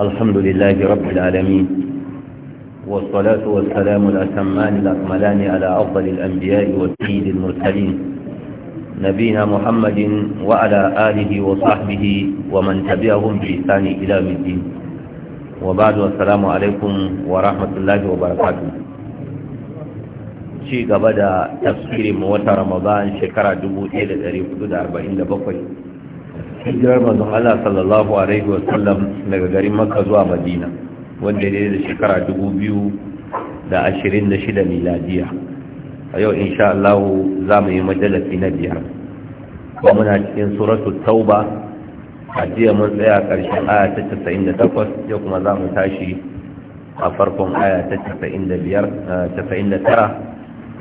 الحمد لله رب العالمين والصلاة والسلام الأتمان الأكملان على أفضل الأنبياء والسيد المرسلين نبينا محمد وعلى آله وصحبه ومن تبعهم بإحسان إلى الدين وبعد والسلام عليكم ورحمة الله وبركاته ci gaba da tafsirin wata ramadan shekara 1447 hijirar manzon Allah sallallahu alaihi wa sallam daga garin Makka zuwa Madina wanda ya da shekara 2026 miladiya a yau insha Allah za mu yi majalisi na biyar kuma muna cikin suratu tauba a jiya mun tsaya ƙarshen aya ta 98 yau kuma za mu tashi a farkon aya ta 99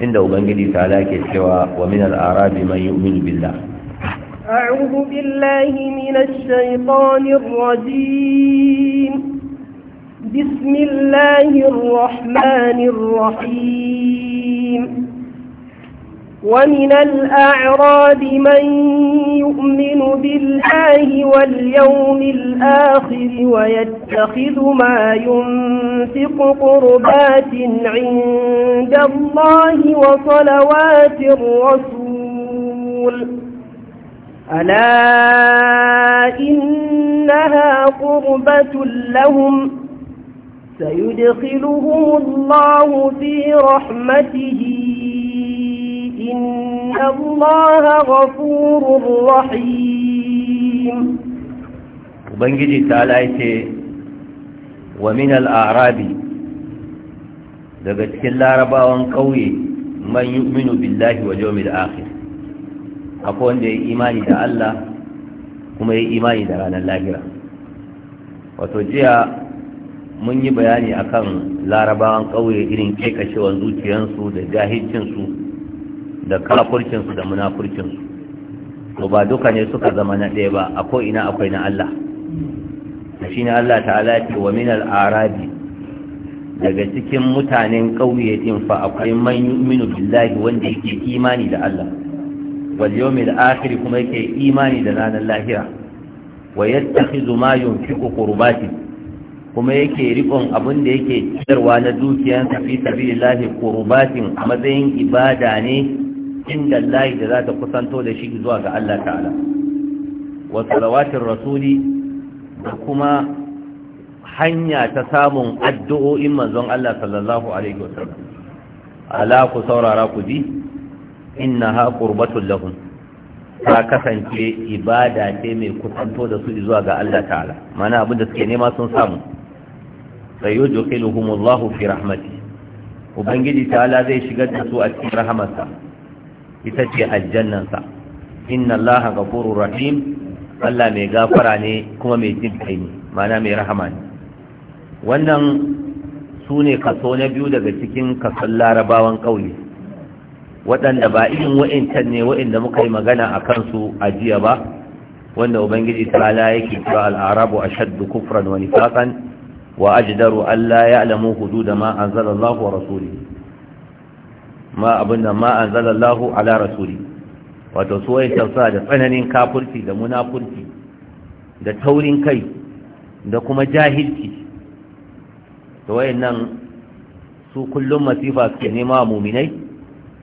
inda ubangiji ta ala ke cewa wa min al-arabi man yu'minu billah أعوذ بالله من الشيطان الرجيم بسم الله الرحمن الرحيم ومن الأعراب من يؤمن بالله واليوم الآخر ويتخذ ما ينفق قربات عند الله وصلوات الرسول ألا إنها قربة لهم سيدخلهم الله في رحمته إن الله غفور رحيم وبنجي تعالى ومن الأعراب daga كل larabawan قوي من يؤمن بالله واليوم الآخر akwai wanda ya yi imani da Allah kuma ya yi imani da ranar lahira wato jiya mun yi bayani akan larabawan ƙauye irin kekashewar zuciyarsu da jahilcinsu da kafurcinsu da munafurcinsu to ba duka ne suka zama na ɗaya ba a ina akwai na Allah da shi ne Allah ta'ala ce wa min al'arabi daga cikin mutanen ƙauye ɗin fa akwai man yu'minu billahi wanda yake imani da Allah wal yawmil kuma yake imani da ranar lahira wa yattakhidhu ma yunfiqu qurbati kuma yake rikon abin da yake ciyarwa na dukiyansa fi sabilillahi qurbatin a matsayin ibada ne inda Allah da za ta kusanto da shi zuwa ga Allah ta'ala wa salawatin rasuli da kuma hanya ta samun addu'o'in manzon Allah sallallahu alaihi wasallam ala ku saurara ku ji Inna innaha qurbatul lahum ta kasance ibada ce mai kusanto da su zuwa ga Allah ta'ala mana abin da suke nema sun samu sai yudkhiluhumullahu fi rahmati ubangiji ta'ala zai shigar da su a cikin rahamarsa ita ce aljannansa inna allaha ghafurur rahim Allah mai gafara ne kuma mai jin kai ne mana mai rahama ne wannan su ne kaso na biyu daga cikin kason larabawan ƙauye waɗanda ba irin wa'incan ne wa'inda muka yi magana a kansu a jiya ba wanda ubangiji ta'ala yake cewa al'arabu a ashaddu kufran wa nifaqan wa ajdaru an la ya'lamu hududa ma anzala Allah wa rasulihi ma abinda ma anzala Allah ala rasulihi wato su wa'incan sa da tsananin kafurci da munafurci da taurin kai da kuma jahilci to wayannan su kullum masifa suke nema muminai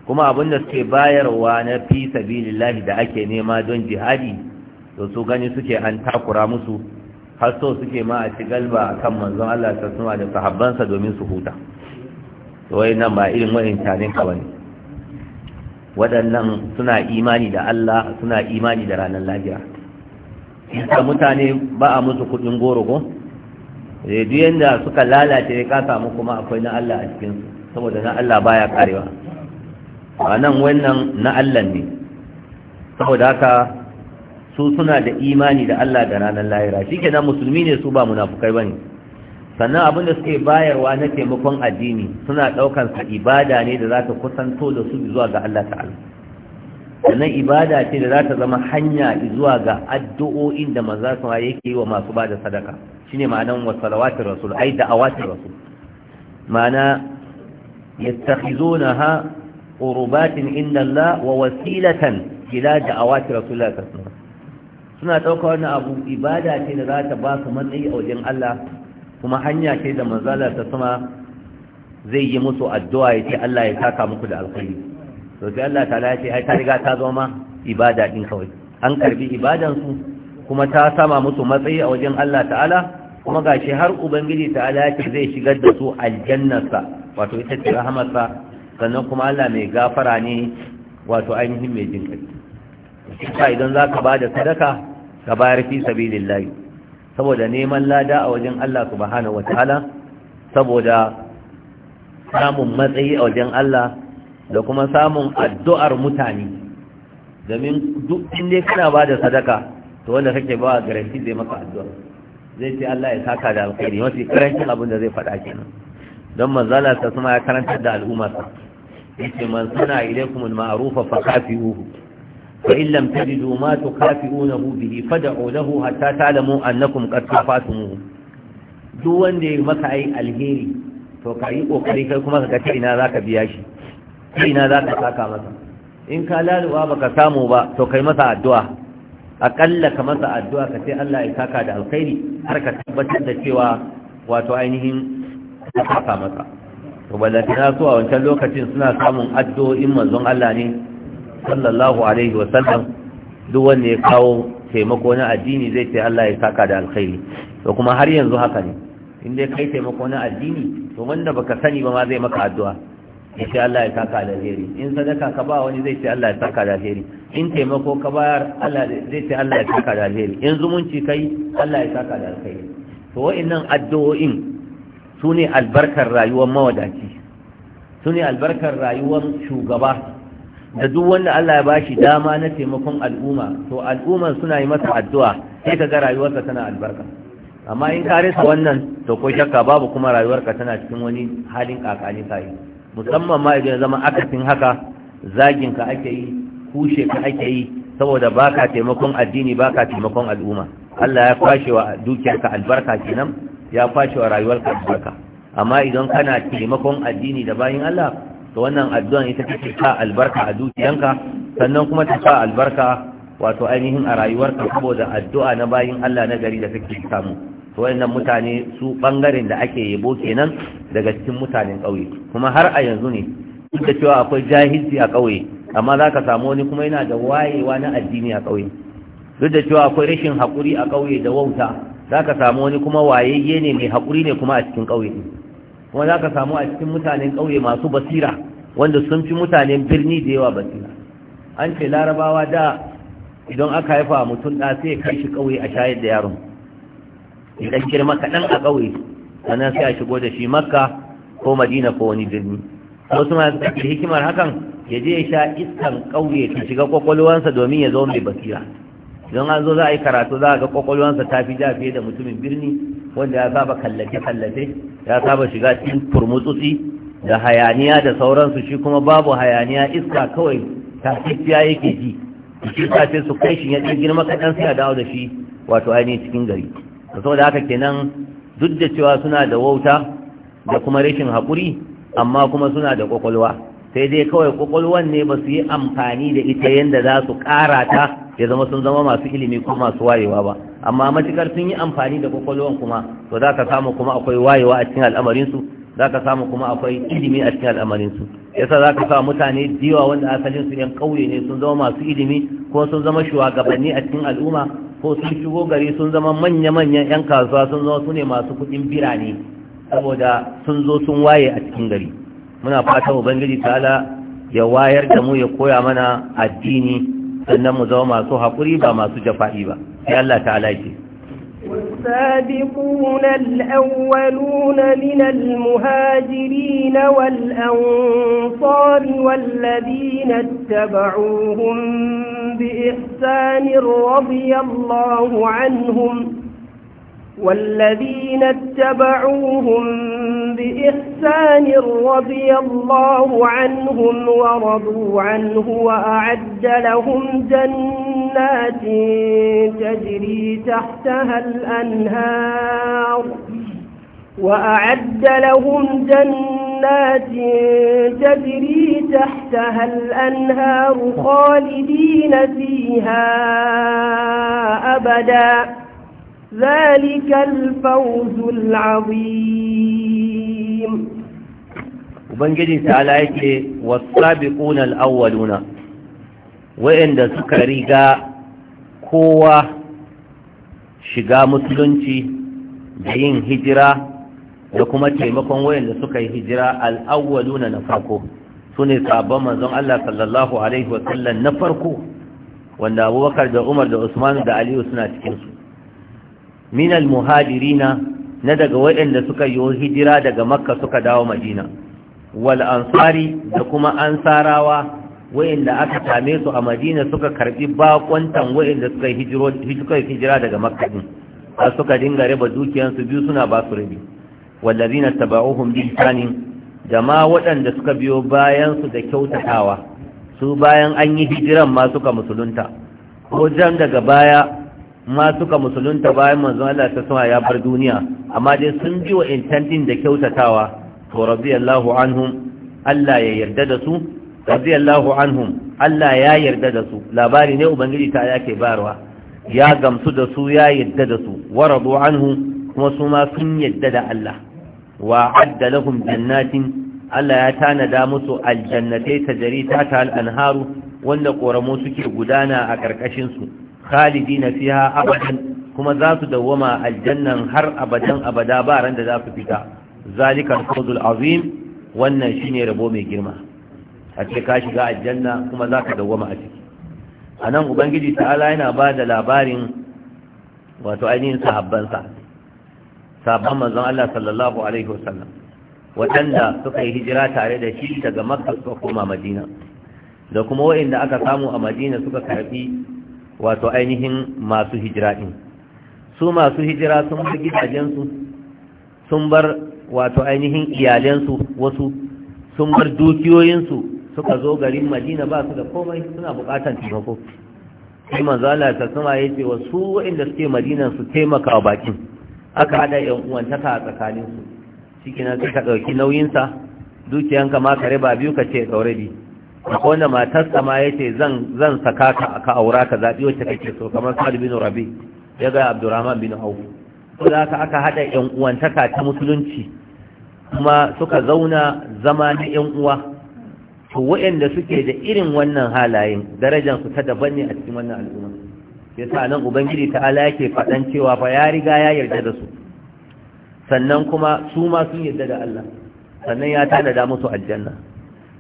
kuma abin da suke bayarwa na fi sabilillahi da ake nema don jihadi to su gani suke an takura musu har so suke ma a ci galba kan manzon Allah ta suna da sahabbansa domin su huta to wai nan ba irin wa'in tarin ka bane waɗannan suna imani da Allah suna imani da ranar lahira da mutane ba a musu kuɗin goro ko eh, da suka lalace ka samu kuma akwai na Allah a cikinsu saboda na Allah baya karewa a nan wannan na Allah ne saboda haka su suna da imani da Allah da ranar lahira shi ke musulmi ne su ba munafukai ba ne sannan abin da suke bayarwa na taimakon addini suna ɗaukansa ibada ne da za ta kusanto da su zuwa ga Allah ta'ala sannan ibada ce da za ta zama hanya zuwa ga addu'o'in da manzan sama yake yi wa masu bada da sadaka shi ne ma'anan wasalawatin rasul ai da awatin rasul ma'ana ya qurubatin inda Allah wa wasilatan ila da'awati rasulullahi sallallahu alaihi suna ɗaukar wani abu ibada ce da za ta ba su matsayi a wajen Allah kuma hanya ce da manzala ta sama zai yi musu addu'a ya ce Allah ya saka muku da alkhairi to sai Allah ta ya ce ai ta riga ta zama ibada din kawai an karbi ibadan su kuma ta sama musu matsayi a wajen Allah ta'ala kuma gashi har ubangiji ta'ala ya ce zai shigar da su aljannarsa wato ita ce rahamarsa sannan kuma Allah mai gafara ne wato ainihin mai jin kai idan za ka ba da sadaka ka bayar fi sabilillahi saboda neman lada a wajen Allah subhanahu wataala saboda samun matsayi a wajen Allah da kuma samun addu'ar mutane domin duk inda kana ba da sadaka to wanda kake ba garanti zai maka addu'a zai ce Allah ya saka da alkhairi mafi karancin abin da zai faɗa kenan don manzala ta suma ya karantar da al'ummarsa yace man sana ilaykum al-ma'rufa fa kafi'uhu fa in lam tajidu ma tukafi'unahu bihi fad'u lahu hatta ta'lamu annakum qad kafatuhu duk wanda ya maka ai alheri to ka yi kokari kai kuma ka ta ina zaka biya shi ina zaka saka masa in ka laluwa baka samu ba to kai masa addu'a akalla ka masa addu'a ka sai Allah ya saka da alkhairi har ka tabbatar da cewa wato ainihin ka saka masa ruballantana su a wancan lokacin suna samun addu'o'in manzon Allah ne sallallahu alaihi wasallam duk wanda ya kawo taimako na addini zai ce Allah ya saka da alkhairi to kuma har yanzu haka ne in dai kai taimako na addini to wanda baka sani ba ma zai maka addu'a ya ce Allah ya saka da alkhairi in sadaka ka ba wani zai ce Allah ya saka da alkhairi in taimako ka bayar Allah zai ce Allah ya saka da alkhairi in zumunci kai Allah ya saka da alkhairi to wa'annan addu'o'in su ne albarkar rayuwar mawadaci su ne albarkar rayuwar shugaba da duk wanda Allah ya bashi dama na taimakon al'umma to al'umma suna yi masa addu'a sai ka ga rayuwarsa tana albarka amma in ka rasa wannan to ko shakka babu kuma rayuwarka tana cikin wani halin kakani kai musamman ma idan zama akasin haka zagin ka ake yi kushe ka ake yi saboda baka taimakon addini baka taimakon al'umma Allah ya kwashe wa dukiyarka albarka kenan ya fashewa wa rayuwarka albarka amma idan kana taimakon addini da bayin Allah to wannan addu'an ita take sa albarka a dukiyanka sannan kuma ta sa albarka wato ainihin a rayuwarka saboda addu'a na bayin Allah na gari da kake samu to wannan mutane su bangaren da ake yabo kenan daga cikin mutanen kauye kuma har a yanzu ne duk da cewa akwai jahilci a kauye amma za ka samu wani kuma yana da wayewa na addini a ƙauye duk da cewa akwai rashin haƙuri a kauye da wauta za ka samu wani kuma wayayye ne mai haƙuri ne kuma a cikin ƙauye kuma za ka samu a cikin mutanen ƙauye masu basira wanda sun fi mutanen birni da yawa basira an ce larabawa da idan aka haifa mutum ɗa sai kai shi ƙauye a shayar da yaron idan girma kaɗan a ƙauye sannan sai a shigo da shi makka ko madina ko wani birni wasu ma hikimar hakan ya je ya sha iskan ƙauye ta shiga kwakwalwansa domin ya zo mai basira don an zo za a yi karatu za a ga kwakwalwansa ta fi ja fiye da mutumin birni wanda ya saba kallace-kallace ya saba shiga cikin turmutsutsi da hayaniya da sauransu shi kuma babu hayaniya iska kawai ta tafiya yake ji shi ta ce su kai shi ya ɗin girma kaɗan sai dawo da shi wato ainihin cikin gari da saboda haka kenan duk da cewa suna da wauta da kuma rashin haƙuri amma kuma suna da kwakwalwa sai dai kawai kwakwalwan ne ba su yi amfani da ita yadda za su ƙara ta ya zama sun zama masu ilimi ko masu wayewa ba amma matukar sun yi amfani da kwakwalwan kuma to za ka samu kuma akwai wayewa a cikin al'amarinsu za ka samu kuma akwai ilimi a cikin al'amarinsu yasa za ka samu mutane diwa wanda asalin su yan kauye ne sun zama masu ilimi ko sun zama shugabanni a cikin al'umma ko sun shigo gari sun zama manya-manyan yan kasuwa sun zama su ne masu kuɗin birane saboda sun zo sun waye a cikin gari muna fatan ubangiji ta'ala ya wayar da mu ya koya mana addini sannan mu zama masu haƙuri ba masu jafa'i ba sai Allah ta'ala yake والسابقون الأولون من المهاجرين والأنصار والذين اتبعوهم بإحسان رضي الله عنهم والذين اتبعوهم بإحسان رضي الله عنهم ورضوا عنه وأعد لهم جنات تجري تحتها الأنهار وأعد لهم جنات تجري تحتها الأنهار خالدين فيها أبداً ذلك الفوز العظيم ubangiji ta'ala yake wasabiquna alawwaluna wa'inda suka riga kowa shiga musulunci da yin hijira da kuma taimakon wa'inda suka yi hijira alawwaluna na farko sune sabon manzon Allah sallallahu alaihi wasallam na farko wanda Abubakar da Umar da Usman da Aliyu suna cikinsu. Minal muhajirina na daga waɗanda suka yi hijira daga makka suka dawo madina wal ansari da kuma ansarawa waɗanda aka same su a madina suka karbi bakwantan waɗanda suka yi hijira daga makka din suka dinga raba dukiyansu biyu suna ba su rabi wallazina taba'uhum bi ihsanin da ma waɗanda suka biyo bayan su da kyautatawa su bayan an yi hijiran ma suka musulunta ko jan daga baya ma suka musulunta bayan manzon Allah ta sama ya bar duniya amma dai sun bi wa intantin da kyautatawa to radiyallahu anhum Allah ya yarda da su radiyallahu anhum Allah ya yarda da su labari ne ubangiji ta yake barwa ya gamsu da su ya yarda da su waradu anhu kuma su ma sun yarda da Allah wa adda lahum jannatin Allah ya tanada musu aljannatai tajri ta ta al-anharu wanda koramo suke gudana a karkashin su khalidina fiha abadan kuma za su dawwama aljannan har abadan abada ba ran da za su fita zalikan fawzul azim wannan shine rabo mai girma a ce ka shiga aljanna kuma za ka dawwama a ciki anan ubangiji ta'ala yana ba da labarin wato ainihin sahabbansa sahabban manzon Allah sallallahu alaihi wasallam waɗanda suka yi hijira tare da shi daga makka suka koma madina da kuma waɗanda aka samu a madina suka karbi wato ainihin masu hijira ɗin su masu hijira sun bar gidajensu sun bar wato ainihin iyalensu wasu sun bar dukiyoyinsu suka zo garin madina ba su da komai suna bukatar taimako sai manzala ta sama ya ce wa su suke madina su taimaka wa bakin aka hada yan uwantaka a tsakaninsu shi kina sai ka ɗauki nauyinsa dukiyanka ma ka riba biyu ka ce ɗaure biyu akwai wanda matarsa ma ya ce zan saka ka ka aura ka zaɓi wacce kake so kamar sa'ad bin rabi ya ga abdurrahman bin auf ko da haka aka haɗa yan uwantaka ta musulunci kuma suka zauna zama na yan uwa to waɗanda suke da irin wannan halayen darajar su ta daban ne a cikin wannan al'umma yasa nan ubangiji ta ala yake faɗan cewa fa ya riga ya yarda da su sannan kuma su ma sun yarda da Allah sannan ya tanada musu aljanna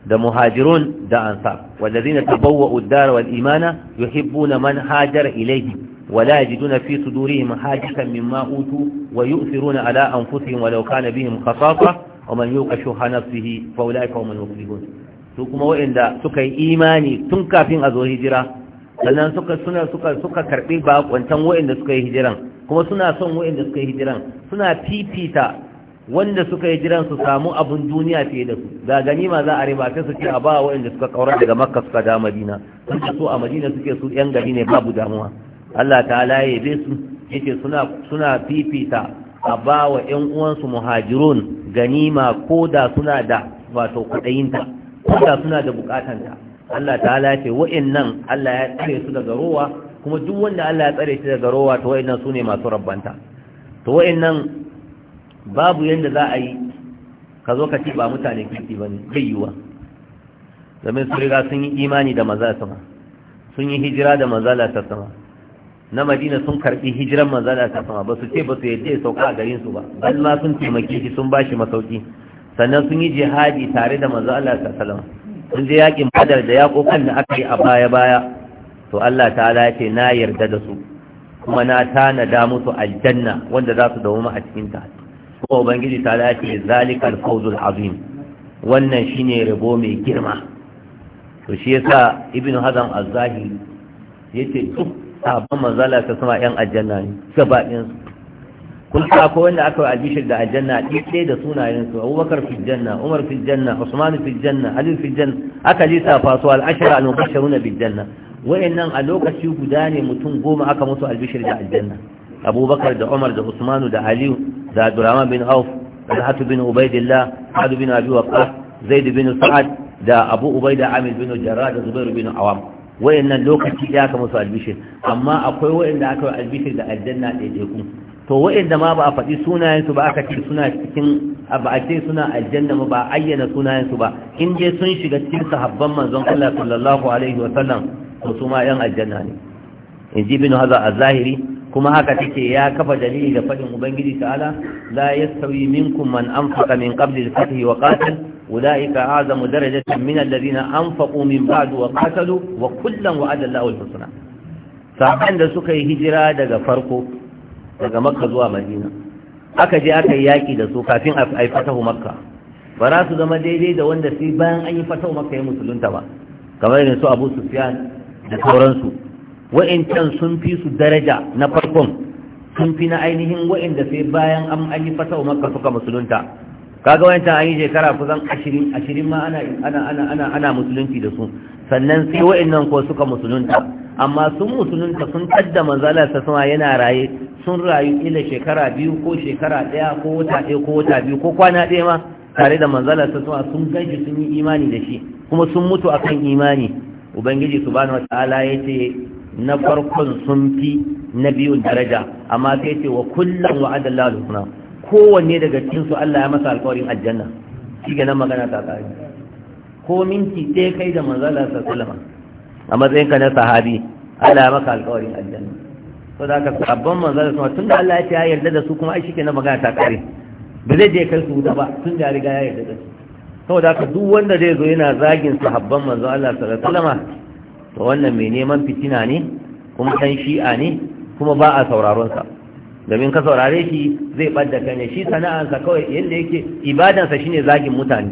da muhajirun da ansar wadazi na tabawa uddara wa imana yuhibbuna na manhajar ilaihi wala yajiduna fi sudurihim hajatan mimma utu wa yu'thiruna ala anfusihim walau kana bihim khasasa wa man yuqa shuha nafsihi fa ulai kaum man yuqibun su kuma wa'inda suka yi imani tun kafin a zo hijira sannan suka karɓi suka suka karbi ba kwantan suka yi hijiran kuma suna son wa'inda suka yi hijiran suna fifita wanda suka yi jiran su samu abun duniya fiye da su da ma za a riba sai su ce a ba waɗanda suka kaura daga makka suka da madina sun so a madina suke su yan gari ne babu damuwa Allah ta'ala ya yabe su yake suna suna fifita a ba wa ƴan uwansu muhajirun gani ma ko da suna da wato kuɗayinta ko da suna da bukatanta Allah ta'ala ce wa'annan Allah ya tsare su daga rowa kuma duk wanda Allah ya tsare shi daga rowa to wa'annan su ne masu rabbanta to wa'annan babu yadda za a yi ka zo ka ci ba mutane kirki ba ne bai yiwa domin su riga sun yi imani da maza sama sun yi hijira da mazala ta sama na madina sun karbi hijiran mazala ta sama ba su ce ba su yadda ya sauka a garin su ba bal ma sun taimaki shi sun bashi masauki sannan sun yi jihadi tare da mazala ta salama sun je yakin badar da yakokan da aka yi a baya baya to Allah ta'ala ya ce na yarda da su kuma na tanada musu aljanna wanda za su dawo a cikin ta ko ubangiji ta dace zalikal fawzul azim wannan shine rabo mai girma to shi yasa Ibn hazam az-zahiri yace duk sabon manzala ta sama yan aljanna ne gabaɗin su kun sa ko wanda aka yi albishir da aljanna ɗiɗɗe da sunayen su abubakar fi janna umar fi janna usman fi janna ali fi janna aka lissafa su al'ashara al-mubashshirun bi janna wayannan a lokaci guda ne mutum goma aka musu albishir da aljanna abubakar da umar da usman da ali da abdurrahman bin auf talhatu bin ubaidillah sa'ad bin abi waqqas zaid bin sa'ad da abu ubaida amil bin jarrah da zubair bin awam wayannan lokaci ya aka musu albishir amma akwai wayanda aka yi albishir da aljanna to wayanda ma ba a faɗi sunayensu ba aka ce suna cikin ba a ce suna aljanna ba ba ayyana sunayensu ba in dai sun shiga cikin sahabban manzon Allah sallallahu alaihi wa sallam to su ma yan aljanna ne in ji bin haza a zahiri kuma haka take ya kafa dalili da fadin ubangiji ta'ala la yastawi minkum man anfaqa min qabli al-fath wa qatal ulaika a'zamu darajatan min alladhina anfaqu min ba'd wa qatalu wa kullan wa'ada Allahu al-husna sahabban da suka yi hijira daga farko daga makka zuwa madina aka je aka yi yaki da su kafin a yi fatahu makka ba za su zama daidai da wanda sai bayan an yi fatahu makka ya musulunta ba kamar irin su abu da sauransu wa'incan sun fi su daraja na farkon sun fi na ainihin wa'inda sai bayan an an yi fatawa makka suka musulunta kaga wa'incan an yi shekara kusan ashirin ashirin ma ana ana ana ana ana musulunci da su sannan sai wa'innan ko suka musulunta amma sun musulunta sun tadda manzala ta sama yana raye sun rayu ila shekara biyu ko shekara ɗaya ko wata ɗaya ko wata biyu ko kwana ɗaya ma tare da manzala ta sama sun ganshi sun yi imani da shi kuma sun mutu akan imani ubangiji subhanahu wataala yace na farkon sun fi na biyun daraja amma sai ce wa kullum wa'ada Allah husna kowanne daga cikin su Allah ya masa alƙawarin aljanna shi ga nan magana ta tsari. ko minti sai kai da manzo Allah sallallahu alaihi a matsayin ka na sahabi Allah ya maka alƙawarin aljanna to da ka sabon manzo Allah sallallahu tunda Allah ya ce ya yarda da su kuma ai shike na magana ta tsari, ba zai je kai su da ba tun da riga ya yarda da su saboda haka duk wanda zai zo yana zagin sahabban manzo Allah sallallahu alaihi wasallam to wannan mai neman fitina ne kuma kan shi'a ne kuma ba a sa. domin ka saurare shi zai ɓadda kan shi sana'ansa kawai yadda yake ibadansa shine zagin mutane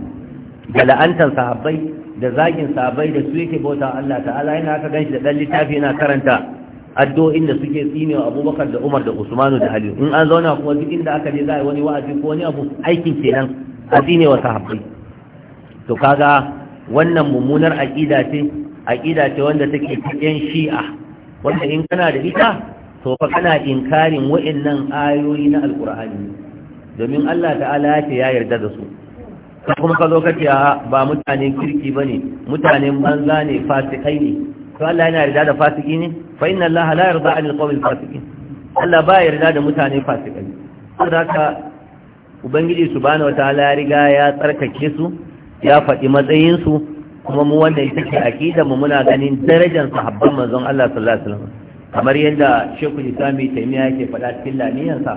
ga la'antar sahabbai da zagin sahabbai da su yake bauta Allah ta'ala yana haka ganshi da ɗan littafi yana karanta addu'o'in da suke tsinewa abubakar da umar da usmanu da aliyu in an zauna kuma duk inda aka je za a yi wani wa'azi ko wani abu aikin kenan a tsinewa sahabbai to kaga wannan mummunar aƙida ce aƙida ce wanda take cikin shi'a wanda in kana da ita to fa kana inkarin wa'annan ayoyi na alƙur'ani domin Allah ta'ala ya ce ya yarda da su kuma ka zo ka ce ba mutanen kirki bane mutanen banza ne fasikai ne to Allah yana yarda da fasiki ne fa inna Allah la yarda anil qawl fasikin Allah ba yarda da mutane fasikai saboda haka ubangiji subhanahu wataala ya riga ya tsarkake su ya faɗi matsayin su kuma mu wannan ita ce mu muna ganin darajar sahabban manzon Allah sallallahu alaihi wasallam kamar yadda Sheikh Islam Taymiya yake faɗa cikin lamiyansa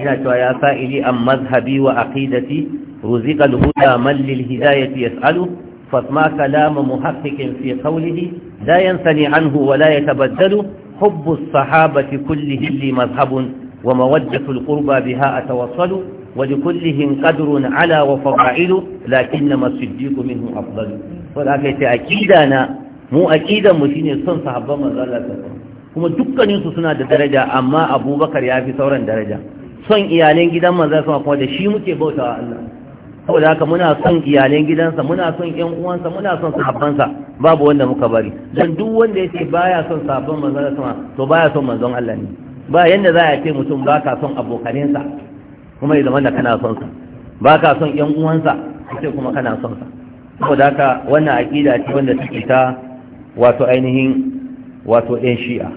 ina cewa ya sa ili an mazhabi wa aqidati ruziqa al-huda man lil hidayati yas'alu فاسمع كلام fi في قوله لا anhu عنه ولا يتبدل حب الصحابة كلهم لي مذهب ومودة القربى بها أتوصل ولكلهم قدر على وفضائل لكنما الصديق منه أفضل wanda aka yi ce aqida na mu aqidan mu shine son sahabban manzo Allah sallallahu kuma dukkanin su suna da daraja amma Abubakar ya fi sauran daraja son iyalan gidan manzo Allah kuma da shi muke bautawa Allah saboda haka muna son iyalan gidansa muna son ƴan uwansa muna son sa babu wanda muka bari dan duk wanda yake baya son sahabban manzo sama to baya son manzo Allah ne ba yanda za a ce mutum ba ka son sa kuma ya zama da kana son sa ba ka son ƴan uwansa sai kuma kana son sa saboda haka wannan aƙida ce wanda take ta wato ainihin wato ɗan shi'a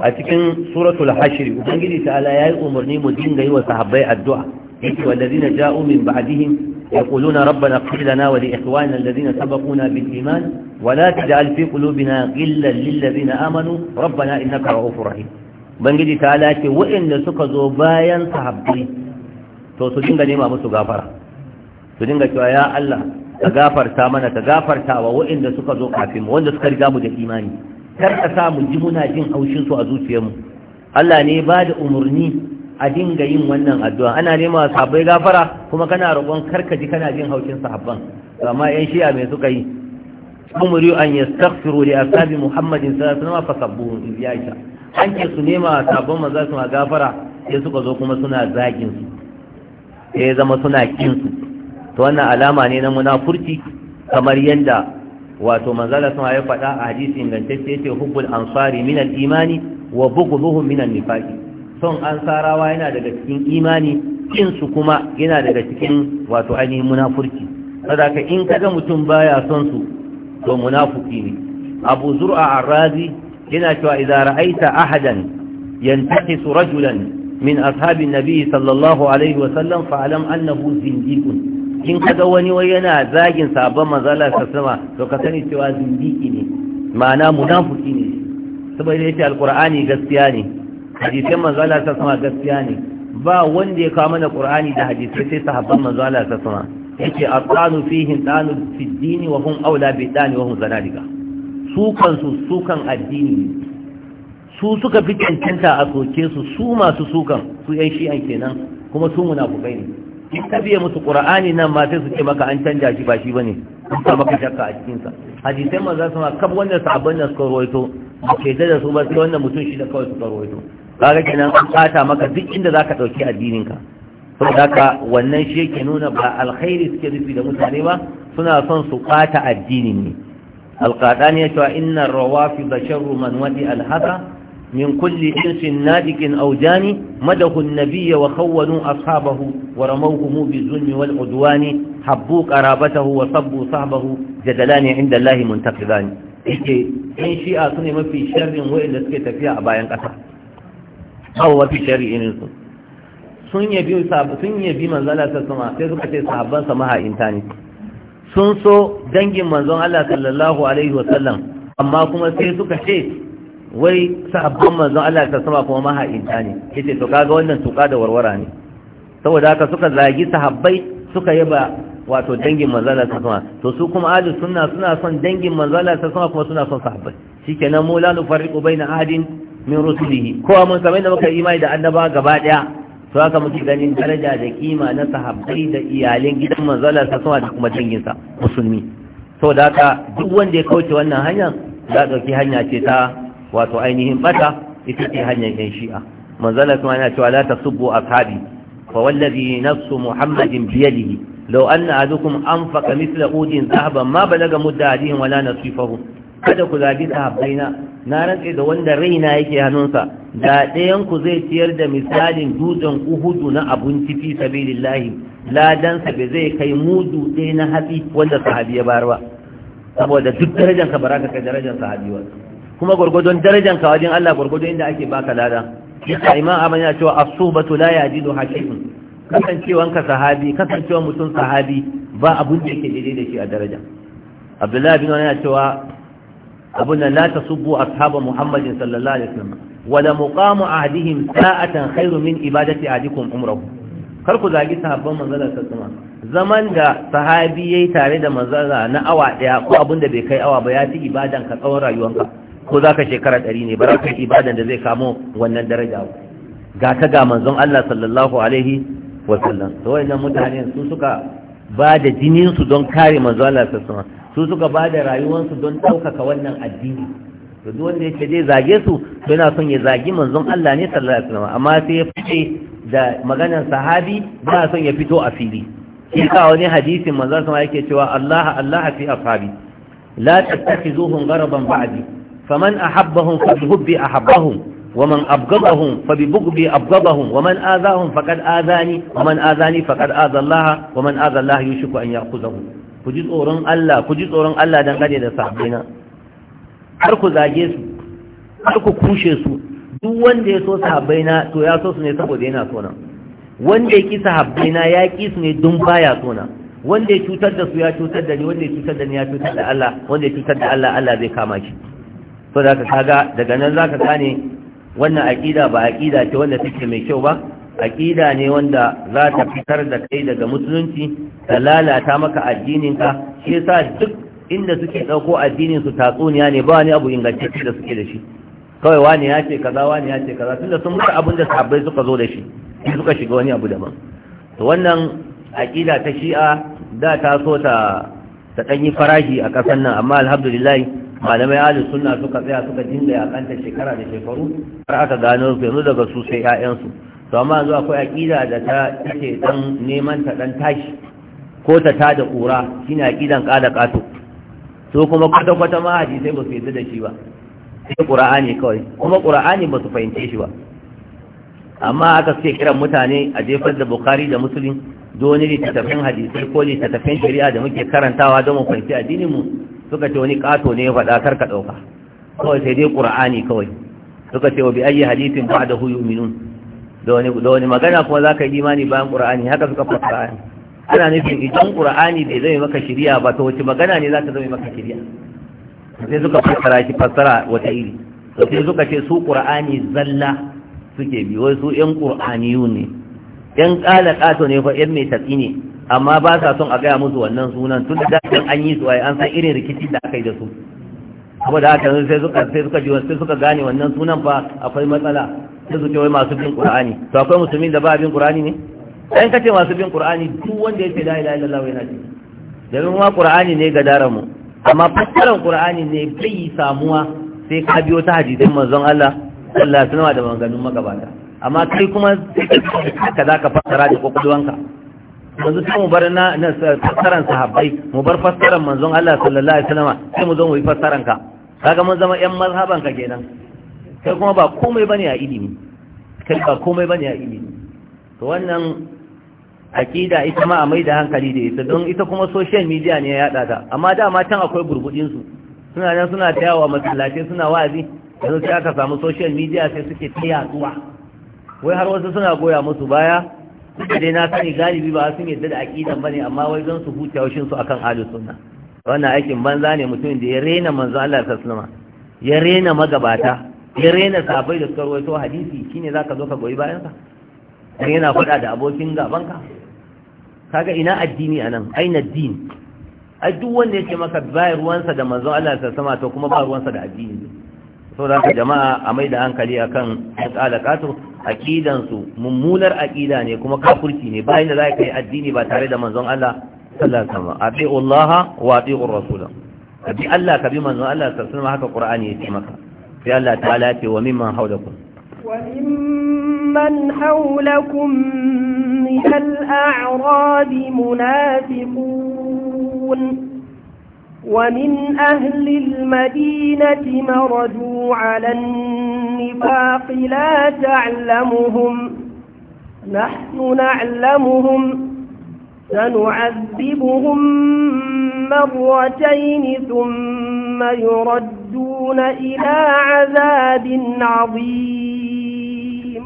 a cikin suratul hashri ubangiji ta'ala yayi umarni mu dinga yi wa sahabbai addu'a yake wallazina ja'u min ba'dihim يقولون ربنا اغفر لنا ولإخواننا الذين سبقونا بالإيمان ولا تجعل في قلوبنا غلا للذين آمنوا ربنا إنك رؤوف رحيم بنجي تعالى ce wa'inda suka zo bayan sahabbai to su dinga nema musu gafara su dinga cewa ya Allah ka gafarta mana ka gafarta wa waɗanda suka zo kafin mu wanda suka riga mu da imani kar ka sa mu ji muna jin haushin su a mu. Allah ne ba da umarni a dinga yin wannan addu'a ana nema sabai gafara kuma kana roƙon ka ji kana jin haushin sahabban amma yan shi'a me suka yi umuru an yastaghfiru li ashabi muhammadin sallallahu alaihi wasallam fasabbuhu in yaisha an ke su nema sabon manzo su gafara sai suka zo kuma suna zagin su sai zama suna kin su to wannan alama ne na munafurci kamar yanda wato manzala sun ya faɗa a hadisi ingantacce ce hubbul ansari min al-imani wa bughduhum min an-nifaqi son ansarawa yana daga cikin imani kin su kuma yana daga cikin wato ainihin munafurci saboda in kaga mutum baya son su to munafiki ne abu zur'a ar-razi yana cewa idza ra'aita ahadan yantahisu rajulan min ashabin nabi sallallahu alaihi sallam, fa'alam annahu zindiqun in kaga wani wai yana zagin sabon mazala ta sama to ka sani cewa zindiki ne ma'ana munafiki ne saboda yace alqur'ani gaskiya ne hadisin mazala ta sama gaskiya ne ba wanda ya kawo mana qur'ani da hadisi sai sahabban mazala ta sama yace aqanu fihi tanu fi dini wa hum aula bi dani wa hum zanadiqa su kansu su kan addini su suka fi cancanta a soke su su masu sukan su yan shi'an kenan kuma su munafukai ne in ka biya musu qur'ani nan ma sai su ce maka an canja shi ba shi bane an sa maka shakka a cikin sa hadisai manzo sama kab wannan sahabban da suka rawaito ba ke da su ba sai wannan mutum shi da kawai suka rawaito kaga kenan an kata maka duk inda zaka dauki addinin ka saboda ka wannan shi yake nuna ba alkhairi suke rufi da mutane ba suna son su kata addinin ne alqadani ya ce inna rawafid sharru man wadi alhaka min kulli jinsin nadikin aujani madahun nabiya wa kawwanu ashabahu wa ramauhumu bi zulmi wal habbu qarabatahu wa sabbu sahbahu jadalani inda Allah muntaqidani yake in shi'a sune mafi sharrin wa'anda suke tafiya a bayan ƙasa aw wa fi shari'i ne sun yabi sabu manzala ta sama sai suka ce sahabban sama ha sun so dangin manzon Allah sallallahu alaihi wa sallam amma kuma sai suka ce wai sahabban manzon Allah ta sama kuma maha'inta ne yace to kaga wannan tuka da warwara ne saboda haka suka zagi sahabbai suka yaba wato dangin manzala ta sama to su kuma ahli sunna suna son dangin manzala ta sama kuma suna son sahabbai shikenan mu la nufarriqu baina ahadin min rusulihi kowa mun kamar da muka imani da annaba gaba daya to haka muke ganin daraja da kima na sahabbai da iyalen gidan manzala ta sama da kuma danginsa musulmi saboda haka duk wanda ya kauce wannan hanya za a ɗauki hanya ce ta wato ainihin bata ita ce hanyar yan shi'a manzala kuma yana cewa la tasubbu ashabi fa wallazi nafsu muhammadin biyadihi law anna ahadukum anfaqa mithla udin zahaban ma balaga mudda adin wala nasifahu kada ku zagi sahabbaina na rantse da wanda raina yake hannunsa da ɗayan ku zai ciyar da misalin dutsen uhudu na abinci fi sabilillahi ladansa bai zai kai mudu ɗaya na hatsi wanda sahabi ya bayar ba saboda duk darajar ka baraka kai darajar sahabi ba kuma gwargwadon darajan ka wajen Allah gwargwadon inda ake baka lada yasa imam aman ya cewa as-suhbatu la yajidu hakimun kasancewan ka sahabi kasancewan mutum sahabi ba abun da yake daidai da shi a daraja abdullahi bin wani ya cewa abun nan la tasubbu ashabu muhammadin sallallahu alaihi wasallam wala muqamu ahdihim sa'atan khairu min ibadati ahdikum umrahu kar ku zagi sahabban manzala sallama zaman da sahabi yayi tare da manzala na awa daya ko abun da bai kai awa ba ya fi ibadan ka tsawon rayuwanka ko za ka shekara ɗari ne ba za ka yi ibadan da zai kamo wannan daraja ga ta ga manzon Allah sallallahu alaihi wa sallam to wayannan mutane su suka ba da jinin su don kare manzon Allah sallallahu alaihi wa su suka ba da rayuwar su don ɗaukaka wannan addini to duk wanda yake zai zage su to yana son ya zagi manzon Allah ne sallallahu alaihi wa sallam amma sai ya fice da maganar sahabi ba son ya fito a fili shi ka wani hadisin manzon Allah yake cewa Allah Allah fi ashabi la tattakhizuhum gharaban ba'di faman ahabbahum fa bihubbi ahabbahum ومن أبغضهم فببغضي أبغضهم ومن آذاهم فقد آذاني ومن آذاني فقد آذى الله ومن آذى الله يشك أن يأخذه كجي tsoron Allah kuji tsoron Allah dangane da sahabbaina har ku zage su har ku kushe su duk wanda ya so sahabbaina to ya so su ne saboda yana so na wanda ya ki sahabbaina ya ki su ne don baya so na wanda ya cutar da su ya cutar da ni wanda ya cutar da ni ya cutar da Allah wanda ya cutar da Allah Allah zai kama shi so da ka kaga daga nan zaka gane wannan aƙida ba aƙida ce wanda take mai kyau ba aƙida ne wanda za ta fitar da kai daga musulunci ta lalata maka addininka shi yasa duk inda suke dauko addinin su tatsuniya ne ba wani abu ingantacce da suke da shi kawai wani ya ce kaza wani ya ce kaza da sun mutu abin da sabbai suka zo da shi shi suka shiga wani abu daban to wannan aƙida ta shi'a da ta so ta ta danyi farashi a ƙasar nan amma alhamdulillah malamai ahlus sunna suka tsaya suka dinga yakanta shekara da shekaru har aka gano su yanzu daga su sai ƴaƴansu to amma yanzu akwai aqida da ta take dan neman ta dan tashi ko ta tada kura shine aqidan kada ƙato. so kuma kwata kwata ma hadisi ba su yadda da shi ba sai qur'ani kawai kuma qur'ani ba su fahimce shi ba amma aka ce kiran mutane a jefar da bukhari da muslim doni littattafan hadisi ko littattafan shari'a da muke karantawa don mu fahimci addinin mu suka ce wani kato ne ya faɗa kar ka ɗauka kawai sai dai ƙura'ani kawai suka ce wa bi ayi hadisin ba da huyu minun da wani magana kuma za ka yi imani bayan ƙura'ani haka suka fassara ayan ana nufin idan ƙura'ani bai zama maka shirya ba ta wace magana ne za ta zama maka shirya sai suka fassara shi fassara wata iri to sai suka ce su ƙura'ani zalla suke bi wai su ƴan ƙur'aniyu ne ƴan ƙala ƙato ne fa ƴan mai tafi ne amma ba sa son a gaya musu wannan sunan tun da an yi su ai an san irin rikici da aka yi da su saboda haka sai suka sai suka ji sai suka gane wannan sunan fa akwai matsala sai su ce wai masu bin qur'ani to akwai musulmin da ba bin qur'ani ne dan kace masu bin qur'ani duk wanda yake la ilaha illallah yana Da domin ma qur'ani ne ga daren mu amma fassarar qur'ani ne bai samuwa sai ka biyo ta hadisin manzon Allah sallallahu alaihi wasallam da maganganun magabata amma kai kuma sai ka zaka fassara da kokolwanka yanzu sai mu bar na fassaran sahabbai mu bar fassaran manzon Allah sallallahu alaihi wasallam sai mu zo mu yi fassaran ka kaga mun zama ƴan mazhaban ka kenan kai kuma ba komai bane a ilimi kai ba komai bane a ilimi to wannan aqida ita ma a mai da hankali da ita don ita kuma social media ne ya yada ta amma dama can akwai burbudin su suna nan suna tayawa masallaci suna wa'azi yanzu sai aka samu social media sai suke ta yaduwa wai har wasu suna goya musu baya duka dai na sani galibi ba sun yadda da aqidan bane amma wai don su huta haushin su akan ahlus sunna wannan aikin banza ne mutum da ya rena manzo Allah sallallahu ya rena magabata ya rena Sabai da suka rawaito hadisi shine zaka zo ka goyi bayan sa dan yana faɗa da abokin gaban ka kaga ina addini anan aina din ai duk wanda yake maka bayar ruwansa da manzo Allah ta to kuma ba ruwansa da addini so zaka jama'a a mai da hankali akan alqatu aqidansu mummunar aqida ne kuma kafirci ne bayan da za ka yi addini ba tare da manzon Allah sallallahu alaihi wasallam atiu wa atiu Rasul abi Allah ka bi manzon Allah sallallahu alaihi wasallam haka Qur'ani ya ce maka sai Allah ta'ala ya ce wa mimman hawlakum wa mimman hawlakum min al-a'rab munafiqun ومن أهل المدينة مرجوا على النفاق لا تعلمهم نحن نعلمهم سنعذبهم مرتين ثم يردون إلى عذاب عظيم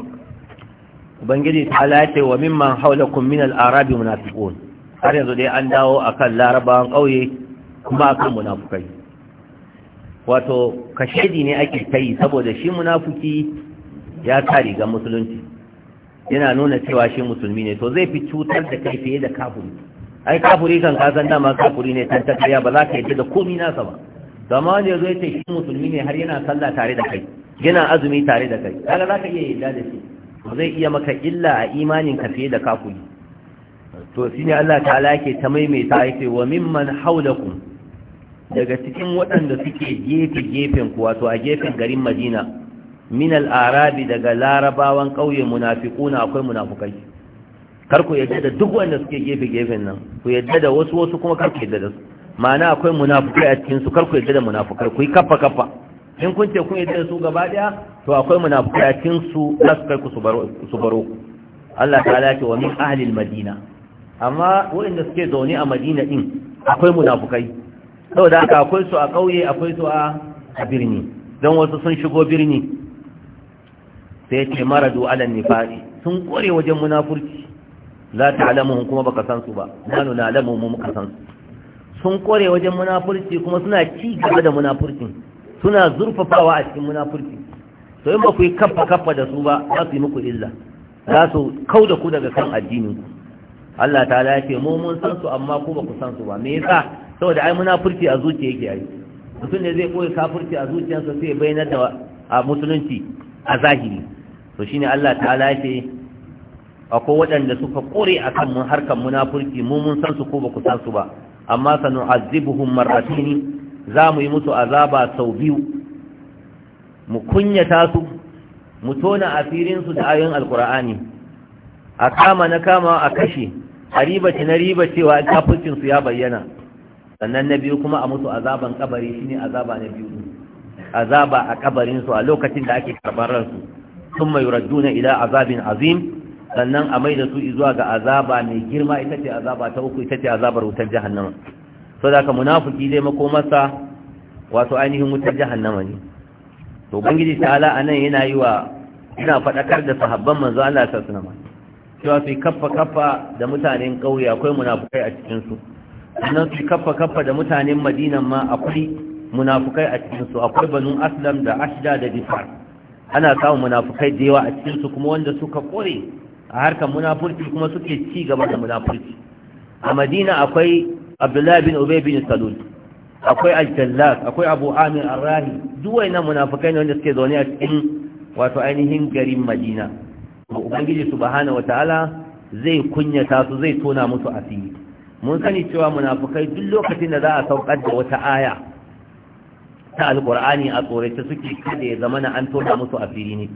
وبنجد حالاته وممن حولكم من الأعراب منافقون أريد أن دعوا أكل لاربان قوي kuma akan munafukai wato kashedi ne ake kai saboda shi munafuki ya ta ga musulunci yana nuna cewa shi musulmi ne to zai fi cutar da kai fiye da kafuri ai kafuri kan ka san dama kafuri ne tan ta ba za ka yi da komai nasa ba to ya zo yazo yace shi musulmi ne har yana sallah tare da kai yana azumi tare da kai kaga za ka iya yadda da shi to zai iya maka illa a imanin ka fiye da kafuri to shine Allah ta'ala yake ta maimaita yake wa mimman haulakum daga cikin waɗanda suke gefe-gefen kuwa to a gefen garin madina min al'arabi daga larabawan ƙauye munafiƙuna akwai munafukai kar ku yadda da duk wanda suke gefe-gefen nan ku yadda da wasu wasu kuma kar ku yadda da su ma'ana akwai munafukai a cikinsu kar ku yadda da munafukai ku yi kafa-kafa in kun ce kun yadda da su gaba ɗaya to akwai munafukai a cikinsu za su kai ku su baro ku Allah ta ce wa min ahlil madina amma waɗanda suke zaune a madina din akwai munafukai saboda haka akwai su a ƙauye akwai su a birni don wasu sun shigo birni sai ce mara alal nifaqi sun kore wajen munafurci Za ta ta'lamuhum kuma baka san su ba Manu na lamu mu muka san su sun kore wajen munafurci kuma suna ci gaba da munafurcin suna zurfafawa a cikin munafurci to in ba ku yi kaffa kaffa da su ba za su yi muku illa za su kau da ku daga kan addinin ku Allah ta ya ce mu mun san su amma ku ba ku san su ba me yasa saboda ai munafurci a zuciya yake ai mutum ne zai koyi kafurci a zuciyarsa sai ya bayyana da a musulunci a zahiri to shine Allah ta'ala ya ce akwai waɗanda suka kore akan mun harkan munafurci mu mun san su ko ba ku san su ba amma sanu'azzibuhum marratin za mu yi musu azaba sau biyu mu kunyata su mu tona asirin su da ayoyin alqur'ani a kama na kama a kashe a riba na riba cewa kafircin su ya bayyana sannan na biyu kuma a mutu azaban kabari shine azaba na biyu azaba a kabarin su a lokacin da ake karbar ransu thumma yuraduna ila azabin azim sannan a maida su zuwa ga azaba mai girma ita ce azaba ta uku ita ce azabar wutar jahannama so da ka munafiki dai makomarsa wato ainihin wutar jahannama ne to ubangiji ta'ala anan yana yi wa ina faɗakar da sahabban manzo Allah sallallahu alaihi wasallam cewa su kaffa kaffa da mutanen ƙauye akwai munafukai a cikin su sannan su kaffa kaffa da mutanen madinan ma akwai munafukai a cikinsu akwai banu aslam da ashda da bifar ana samun munafukai da yawa a cikinsu kuma wanda suka kore a harkar munafurci kuma suke ci gaba da munafurci a madina akwai abdullahi bin ubay bin salul akwai al-jallas akwai abu amir arrahi rahi duwai na munafukai ne wanda suke zaune a cikin wato ainihin garin madina ubangiji subhanahu wataala zai kunyata su zai tona musu asiri mun sani cewa munafukai duk lokacin da za a saukar da wata aya ta alkur'ani a tsorace suke kada ya zama na an tona musu a fili ne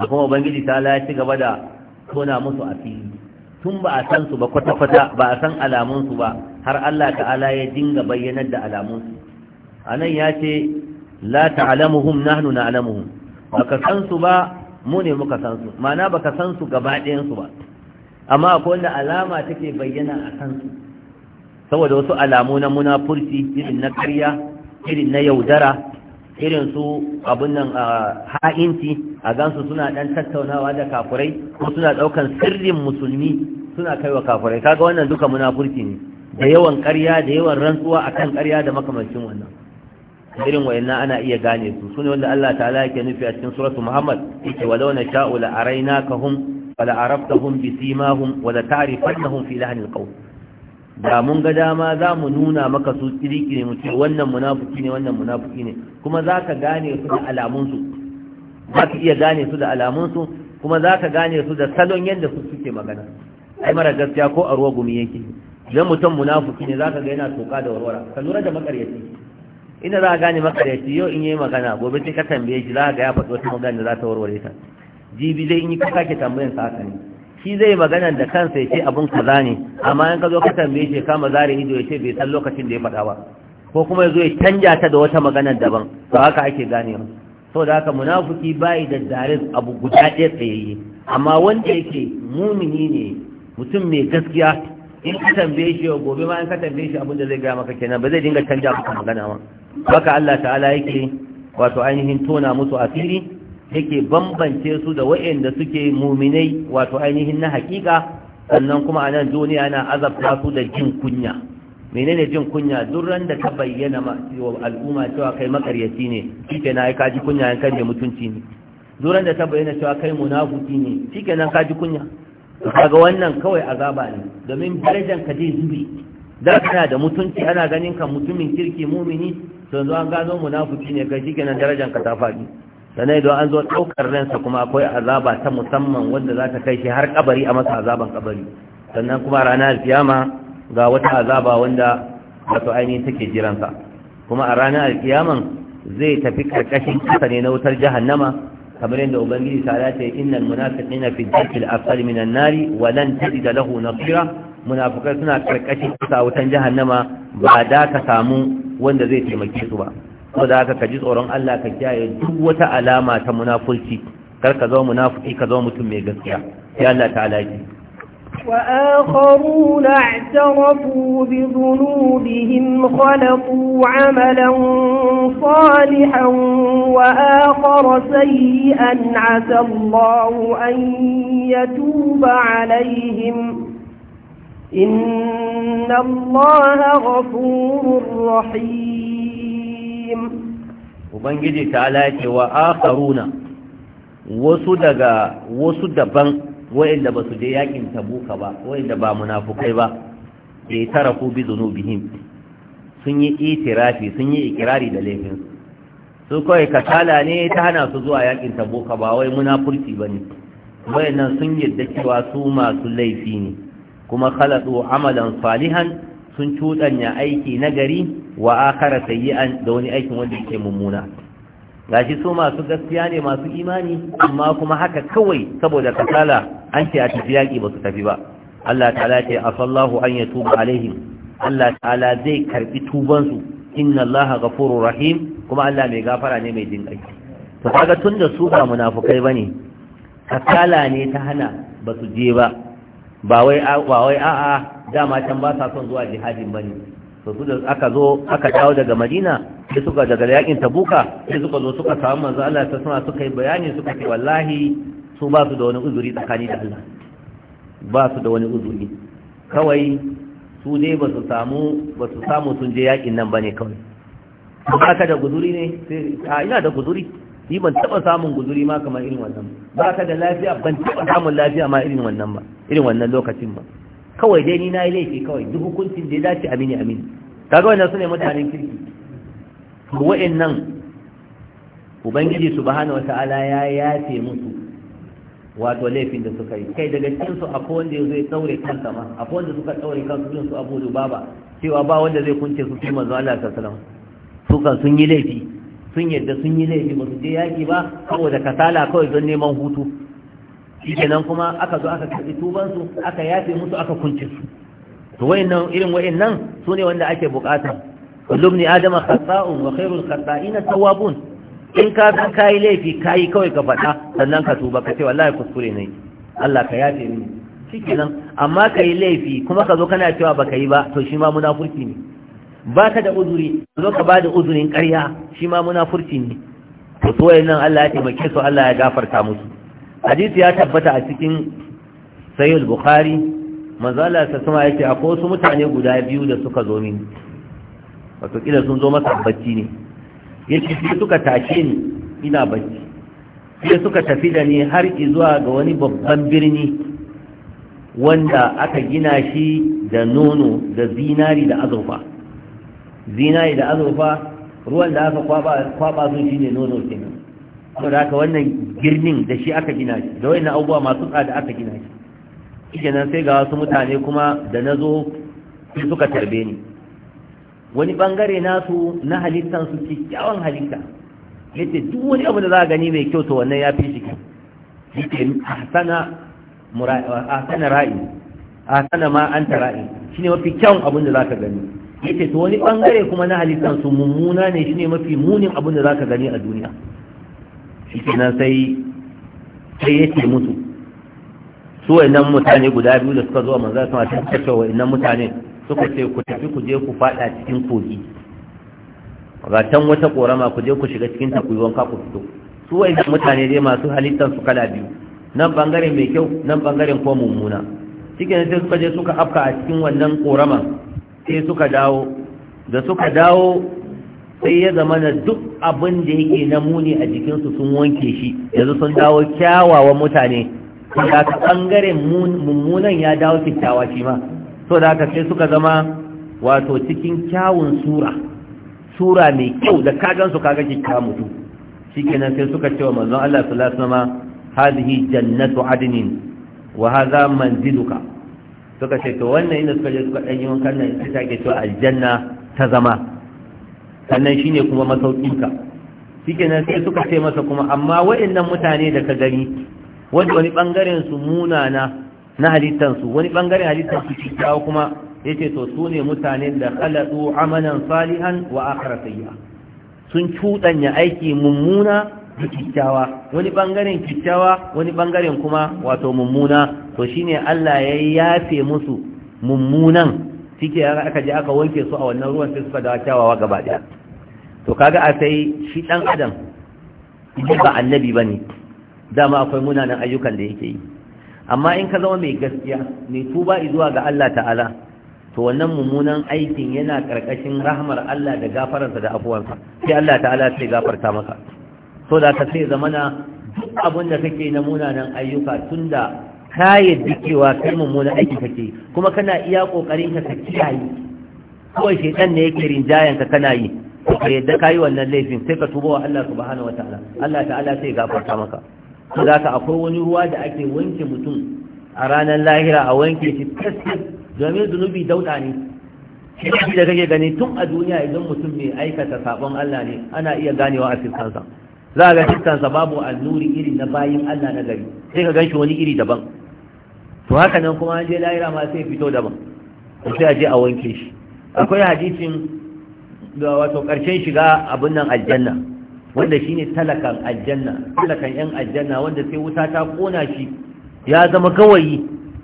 a kuma ubangiji ta la ci gaba da tona musu a fili tun ba a san su ba kwata-kwata ba a san alamunsu ba har Allah ta'ala ya dinga bayyanar da alamunsu a nan ya ce la ta'alamuhum nahnu na'lamuhum baka san su ba mu ne muka san su ma'ana baka san su gaba ɗayan su ba amma akwai wanda alama take bayyana a kansu saboda wasu alamu na munafurci irin na karya irin na yaudara irin su abin nan ha'inci a gansu suna dan tattaunawa da kafurai ko suna daukan sirrin musulmi suna kaiwa kafurai kaga wannan duka munafurci ne da yawan karya da yawan rantsuwa akan karya da makamancin wannan irin wayannan ana iya gane su sune wanda Allah ta'ala yake nufi a cikin suratu Muhammad yake walau na sha'u la arainakahum wala arabtahum bi simahum wala ta'rifannahum fi lahnil qawl da mun ga dama za mu nuna maka su kiriki ne mu ce wannan munafuki ne wannan munafuki ne kuma za ka gane su da alamunsu za ka iya gane su da alamunsu kuma za ka gane su da salon yadda su suke magana ai mara gaskiya ko a ruwa gumi yake idan mutum munafuki ne za ka ga yana toka da warwara ka lura da makaryaci ina za ka gane makaryaci yau in yi magana gobe sai ka tambaye shi za ka ga ya faɗi wata magana da za ta warware ta jibi zai in yi ka sake tambayan sa haka ne shi zai magana da kansa ya ce abin kaza ne amma in ka zo ka tambaye shi kama zare ido ya ce bai san lokacin da ya faɗa ba ko kuma ya zo ya canja ta da wata magana daban to haka ake gane mu saboda haka munafuki bai da daris abu guda ɗaya tsayayye amma wanda yake mumini ne mutum mai gaskiya in ka tambaye shi yau gobe ma in ka tambaye shi abin da zai gaya maka kenan ba zai dinga canja maka magana ba haka Allah ta'ala yake wato ainihin tona musu asiri yake bambance su da wa'inda suke muminai wato ainihin na hakika sannan kuma a nan duniya na azabta su da jin kunya menene jin kunya Duran da ta bayyana ma al'umma cewa kai makaryaci ne shike na ka ji kunya yan kan mutunci ne Duran da ta bayyana cewa kai munafiki ne shike nan ka ji kunya kaga wannan kawai azaba ne domin darajar ka dai zubi da kana da mutunci ana ganin ka mutumin kirki mumini to yanzu an gano munafiki ne kai shike nan darajar ka ta faɗi sannan idan an zo ɗaukar ransa kuma akwai azaba ta musamman wanda za ta kai shi har kabari a masa azaban kabari sannan kuma ranar alkiyama ga wata azaba wanda wato ainihin take jiransa kuma a ranar alkiyaman zai tafi karkashin kasa ne na wutar jahannama kamar yadda ubangiji ta dace innal munafiqina fi dhalkil asfal minan nari wa lan tajida lahu nasira munafikai suna karkashin kasa wutan jahannama ba da ka samu wanda zai taimake su ba ko ka ji tsoron Allah ka kiyaye duk wata alama ta munafurci kar ka zama munafiki ka mutum mai gaskiya ya Allah ta alaki wa akharun a'tarafu bi dhunubihim khalaqu 'amalan salihan wa akhar sayyi'an 'asa Allah an yatuba 'alayhim inna Allah ghafurur rahim alaihim ubangiji ta alaƙe wa akaruna wasu daga wasu daban wa'inda ba su je yakin tabuka ba wa'inda ba munafukai ba da ya tara ku bi zunubihim sun yi itirafi sun yi ikirari da laifin su kawai kasala ne ta hana su zuwa yakin tabuka ba wai munafurci ba ne wa'innan sun yadda cewa su masu laifi ne kuma kalaɗo amalan falihan sun cuɗanya aiki na gari. wa akara sayyi'an da wani aikin wanda yake mummuna gashi su masu gaskiya ne masu imani amma kuma haka kawai saboda kasala an ce a tafi yaƙi ba su tafi ba Allah ta'ala ce asallahu an tuba alaihim Allah ta'ala zai karbi tubansu inna Allah ghafurur rahim kuma Allah mai gafara ne mai jin ƙai to kaga tunda su ba munafukai bane kasala ne ta hana ba su je ba ba ba wai a'a dama can ba sa son zuwa jihadin bane su da aka zo aka dawo daga madina sai suka daga yakin tabuka sai suka zo suka samu manzo Allah ta sama suka yi bayani suka ce wallahi su ba su da wani uzuri tsakani da Allah ba su da wani uzuri kawai su dai ba su samu ba su samu sun je yakin nan bane kawai ba ka da guzuri ne sai a ina da guzuri ni ban taba samun guzuri ma kamar irin wannan ba ka da lafiya ban taba samun lafiya ma irin wannan ba irin wannan lokacin ba kawai dai ni na yi laifi kawai duk hukuncin da ya dace amini amini Ta wannan wanda ne mutanen kirki nan ubangiji wata wata'ala ya yafe musu wato laifin da suka yi kai daga cikin su akwai wanda ya zai tsaure kansa ma akwai wanda suka tsaure kansu yin su abu baba cewa ba wanda zai kunce su cikin manzo Allah sallallahu alaihi wasallam su kan sun yi laifi sun yadda sun yi laifi ba su je yaki ba saboda kasala kawai don neman hutu shikenan kuma aka zo aka karbi tubansu aka yafe musu aka kunce su to wayannan irin wayannan sune wanda ake bukata kullu ibn adama khata'un wa khairul khata'ina tawwabun in ka san kai laifi kai kawai ka fada sannan ka tuba ka ce wallahi kuskure ne Allah ka yafe ni shikenan amma kai laifi kuma ka zo kana cewa baka yi ba to shi ma munafurci ne baka da uzuri zo ka bada uzurin ƙarya shi ma munafurci ne to so wayannan Allah ya taimake su Allah ya gafarta musu hadisi ya tabbata a cikin sayyid bukhari mazala ta sama yake akwai wasu mutane guda biyu da suka zo mini wato kila sun zo masa bacci ne yake su suka tashe ni ina bacci sai suka tafi da ni har zuwa ga wani babban birni wanda aka gina shi da nono da zinari da azurfa zinari da azurfa ruwan da aka kwaba sun shine nono kenan saboda haka wannan girnin da shi aka gina shi da wani abubuwa masu tsada aka gina shi nan sai ga wasu mutane kuma da nazo su suka tarbe ni wani bangare nasu na halittan su kyakkyawan halitta yace duk wani abu da za a gani mai kyau to wannan ya fi shi kyau yace asana mura'i ahsana ra'i asana ma an ta ra'i shine mafi kyawun abin da za ka gani yace to wani bangare kuma na halittan su mummuna ne shine mafi munin abin da za ka gani a duniya shi nan sai sai ya ce mutu su wayannan mutane guda biyu da suka zo a manzo sama ta tace wayannan mutane suka ce ku tafi ku je ku fada cikin kogi ga can wata korama ku je ku shiga cikin ta ku yi wanka ku fito su wayannan mutane dai masu halittar su kala biyu nan bangare mai kyau nan bangaren ko mummuna cikin sai suka je suka afka a cikin wannan korama sai suka dawo da suka dawo sai ya zama na duk abin da yake na muni a jikinsu sun wanke shi yanzu sun dawo kyawawan mutane da ka ɓangaren mummunan ya dawo kyakkyawa shi ma so da haka sai suka zama wato cikin kyawun sura sura mai kyau da kagan su kaga kyakkyawa mutu shikenan sai suka ce wa manzon Allah sallallahu alaihi wasallam hadhihi jannatu adnin wa hadha manziluka suka ce to wannan inda suka je suka danyi wankan nan ita ke cewa aljanna ta zama sannan shine kuma masaukinka shikenan sai suka ce masa kuma amma wayannan mutane da ka gani wanda wani bangaren su munana na halittan su wani bangaren halittan su kyakkyawa kuma yace to sune ne mutanen da a amalan salihan wa akhara sayyi'a sun cudanya aiki mummuna da kyakkyawa wani bangaren kyakkyawa wani bangaren kuma wato mummuna to shine Allah ya yafe musu mummunan shike yara aka je aka wanke su a wannan ruwan sai suka dawo kyawawa gaba daya to kaga a sai shi dan adam idan ba annabi bane dama akwai munanan ayyukan da yake yi amma in ka zama mai gaskiya mai tuba zuwa ga Allah ta'ala to wannan mummunan aikin yana karkashin rahmar Allah da gafararsa da afuwansa sai Allah ta'ala sai gafarta maka so da ka sai zamana duk abin da kake na munanan ayyuka tunda ka yadda cewa kai mummunan aiki kake kuma kana iya kokarin ka ka kiyaye kawai shedan ne yake rinjayen ka kana yi ka yadda wannan laifin sai ka tuba wa Allah subhanahu wataala Allah ta'ala sai gafarta maka to zaka akwai wani ruwa da ake wanke mutum a ranar lahira a wanke shi tasir domin zunubi dauda ne shi da kake gani tun a duniya idan mutum mai aikata sabon Allah ne ana iya ganewa a fiskansa za a ga fiskansa babu annuri iri na bayin Allah na gari sai ka ganshi wani iri daban to haka nan kuma an je la'ira ma sai fito daban sai a je a wanke shi akwai hadisin da wato karshen shiga abin nan aljanna wanda shine talakan aljanna talakan yan aljanna wanda sai wuta ta kona shi ya zama gawayi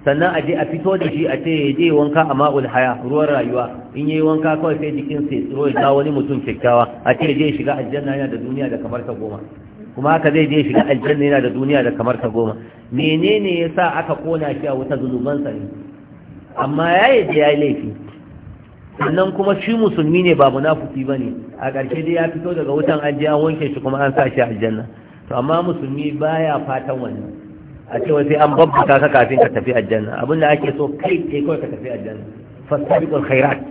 sannan a je a fito da shi a ce ya je wanka a ma'ul haya ruwan rayuwa in yi wanka kawai sai jikin sai tsiro ya wani mutum kyakkyawa a ce ya je shiga aljanna yana da duniya da kamar ta goma kuma haka zai je shiga aljanna yana da duniya da kamar ka goma menene yasa aka kona shi a wata sa ne amma yayi da yayi laifi sannan kuma shi musulmi ne ba munafiki bane a ƙarshe dai ya fito daga wutan aljiya an wanke shi kuma an sa shi aljanna to amma musulmi baya fatan wannan a cewa sai an babbuka ka kafin ka tafi aljanna abinda ake so kai kai kawai ka tafi aljanna fasabiqul khairat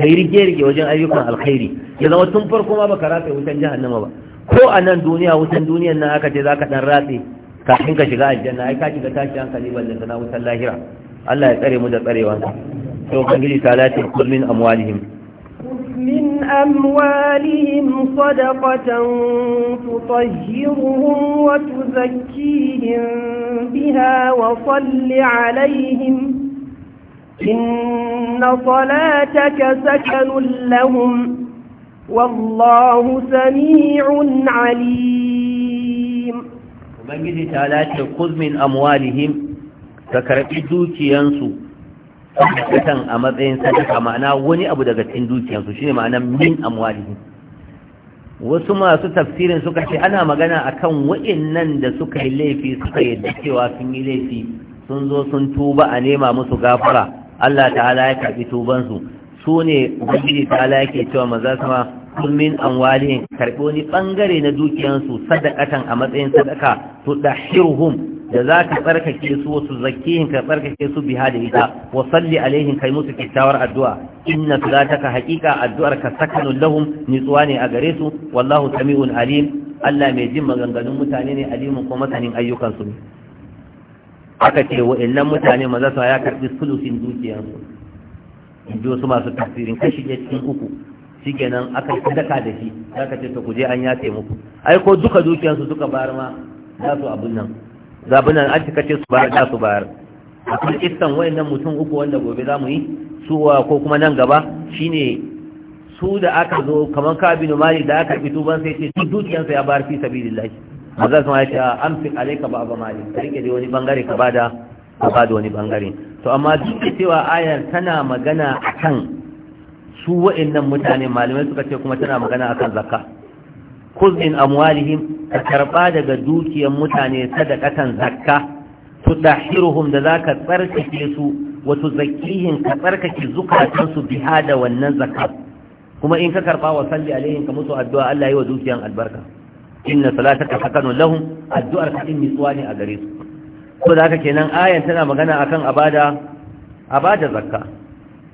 kai rige rige wajen ayyukan alkhairi ya zama tun farko ma baka rataye wutan jahannama ba ko a nan duniya wutan duniyan nan aka ce za ka ɗan ratse kafin ka shiga aljanna ai ka shiga tashi hankali balle sana wutan lahira Allah ya tsare mu da tsarewa to ubangiji ta lati kul min amwalihim min amwalihim sadaqatan tutahhiruhum wa tuzakkihim biha wa salli alaihim إن صلاتك سكن لهم والله سميع عليم ubangiji ta lati kuzmin amwalihim ka karɓi dukiyansu sadakatan a matsayin sadaka ma'ana wani abu daga cikin dukiyansu shine ma'ana min amwalihim wasu masu tafsirin suka ce ana magana akan wa'annan da suka yi laifi suka yadda cewa sun yi laifi sun zo sun tuba a nema musu gafara Allah ta'ala ya karɓi tubansu su ne ubangiji ta'ala yake cewa maza sama an wale. karbi wani bangare na dukiyansu sadaqatan a matsayin sadaka to dahirhum da zaka tsarkake su wasu zakkihin ka tsarkake su biha da ita wa salli alaihim kai musu kittawar addu'a inna salataka haƙiƙa addu'ar ka sakanun lahum nitsuwa ne a gare su wallahu sami'un alim Allah mai jin maganganun mutane ne alimin kuma sanin ayyukan su aka ce wa'annan mutane maza su ya karbi sulusin dukiyansu in ji wasu masu tafsirin kashi cikin uku shikenan aka daka da shi Za ka ce to ku je an yace muku ai ko duka dukiyansu duka bayar ma za su abun nan nan an cika ce su bayar za su bayar akwai iskan wayannan mutum uku wanda gobe za mu yi su ko kuma nan gaba shine su da aka zo kamar bi mali da aka fito ban sai ce duk dukiyansa ya bayar fi lillahi maza sun ce amsik ka ba ba mali ka rike da wani bangare ka bada ka bada wani bangare to amma duk da cewa ayar tana magana akan su wa'annan mutane malamai suka ce kuma tana magana akan zakka kuz min amwalihim ka karba daga dukiyar mutane sadaqatan zakka tudahiruhum da zaka tsarkake su wa tuzakkihim ka tsarkake zukatan su biha da wannan zakka kuma in ka karba wa salli alaihim ka musu addu'a Allah yi wa dukiyar albarka inna salataka sakanun lahum addu'ar ka din mitsuwa ne a gare su to da haka kenan ayan tana magana akan abada abada zakka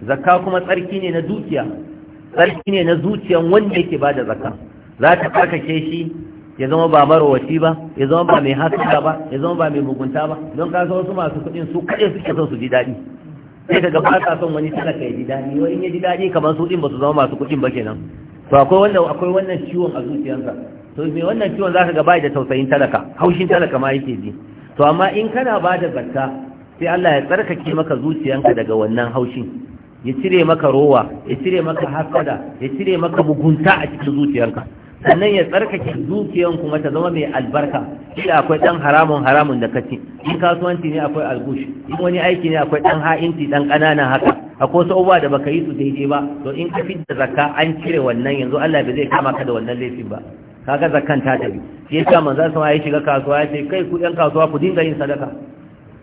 zakka kuma tsarki ne na zuciya. tsarki ne na zuciyan wanda yake bada zakka za ta karkace shi ya zama ba marowaci ba ya zama ba mai haska ba ya zama ba mai mugunta ba don kasa wasu masu kuɗin su kaɗai suke son su ji daɗi sai ka gaba ka son wani talaka ya ji daɗi wani ya ji daɗi kamar su ɗin ba su zama masu kuɗin ba kenan to akwai wanda akwai wannan ciwon a zuciyarsa to me wannan ciwon zaka ga bai da tausayin talaka haushin talaka ma yake ji to amma in kana ba da zakka sai Allah ya tsarkake maka zuciyanka daga wannan haushin ya cire maka rowa ya cire maka hasada ya cire maka mugunta a cikin zuciyarka sannan ya tsarkake zuciyar kuma ta zama mai albarka shi akwai dan haramun haramun da kaci in kasuwanci ne akwai algush in wani aiki ne akwai dan ha'inci dan ƙananan haka akwai wasu abubuwa da baka yi su daidai ba to in ka fidda zakka an cire wannan yanzu Allah bai zai kama ka da wannan laifin ba kaga zakkan ta tabi shi yasa manzo sai ya shiga kasuwa ya ce kai ku ɗan kasuwa ku dinga yin sadaka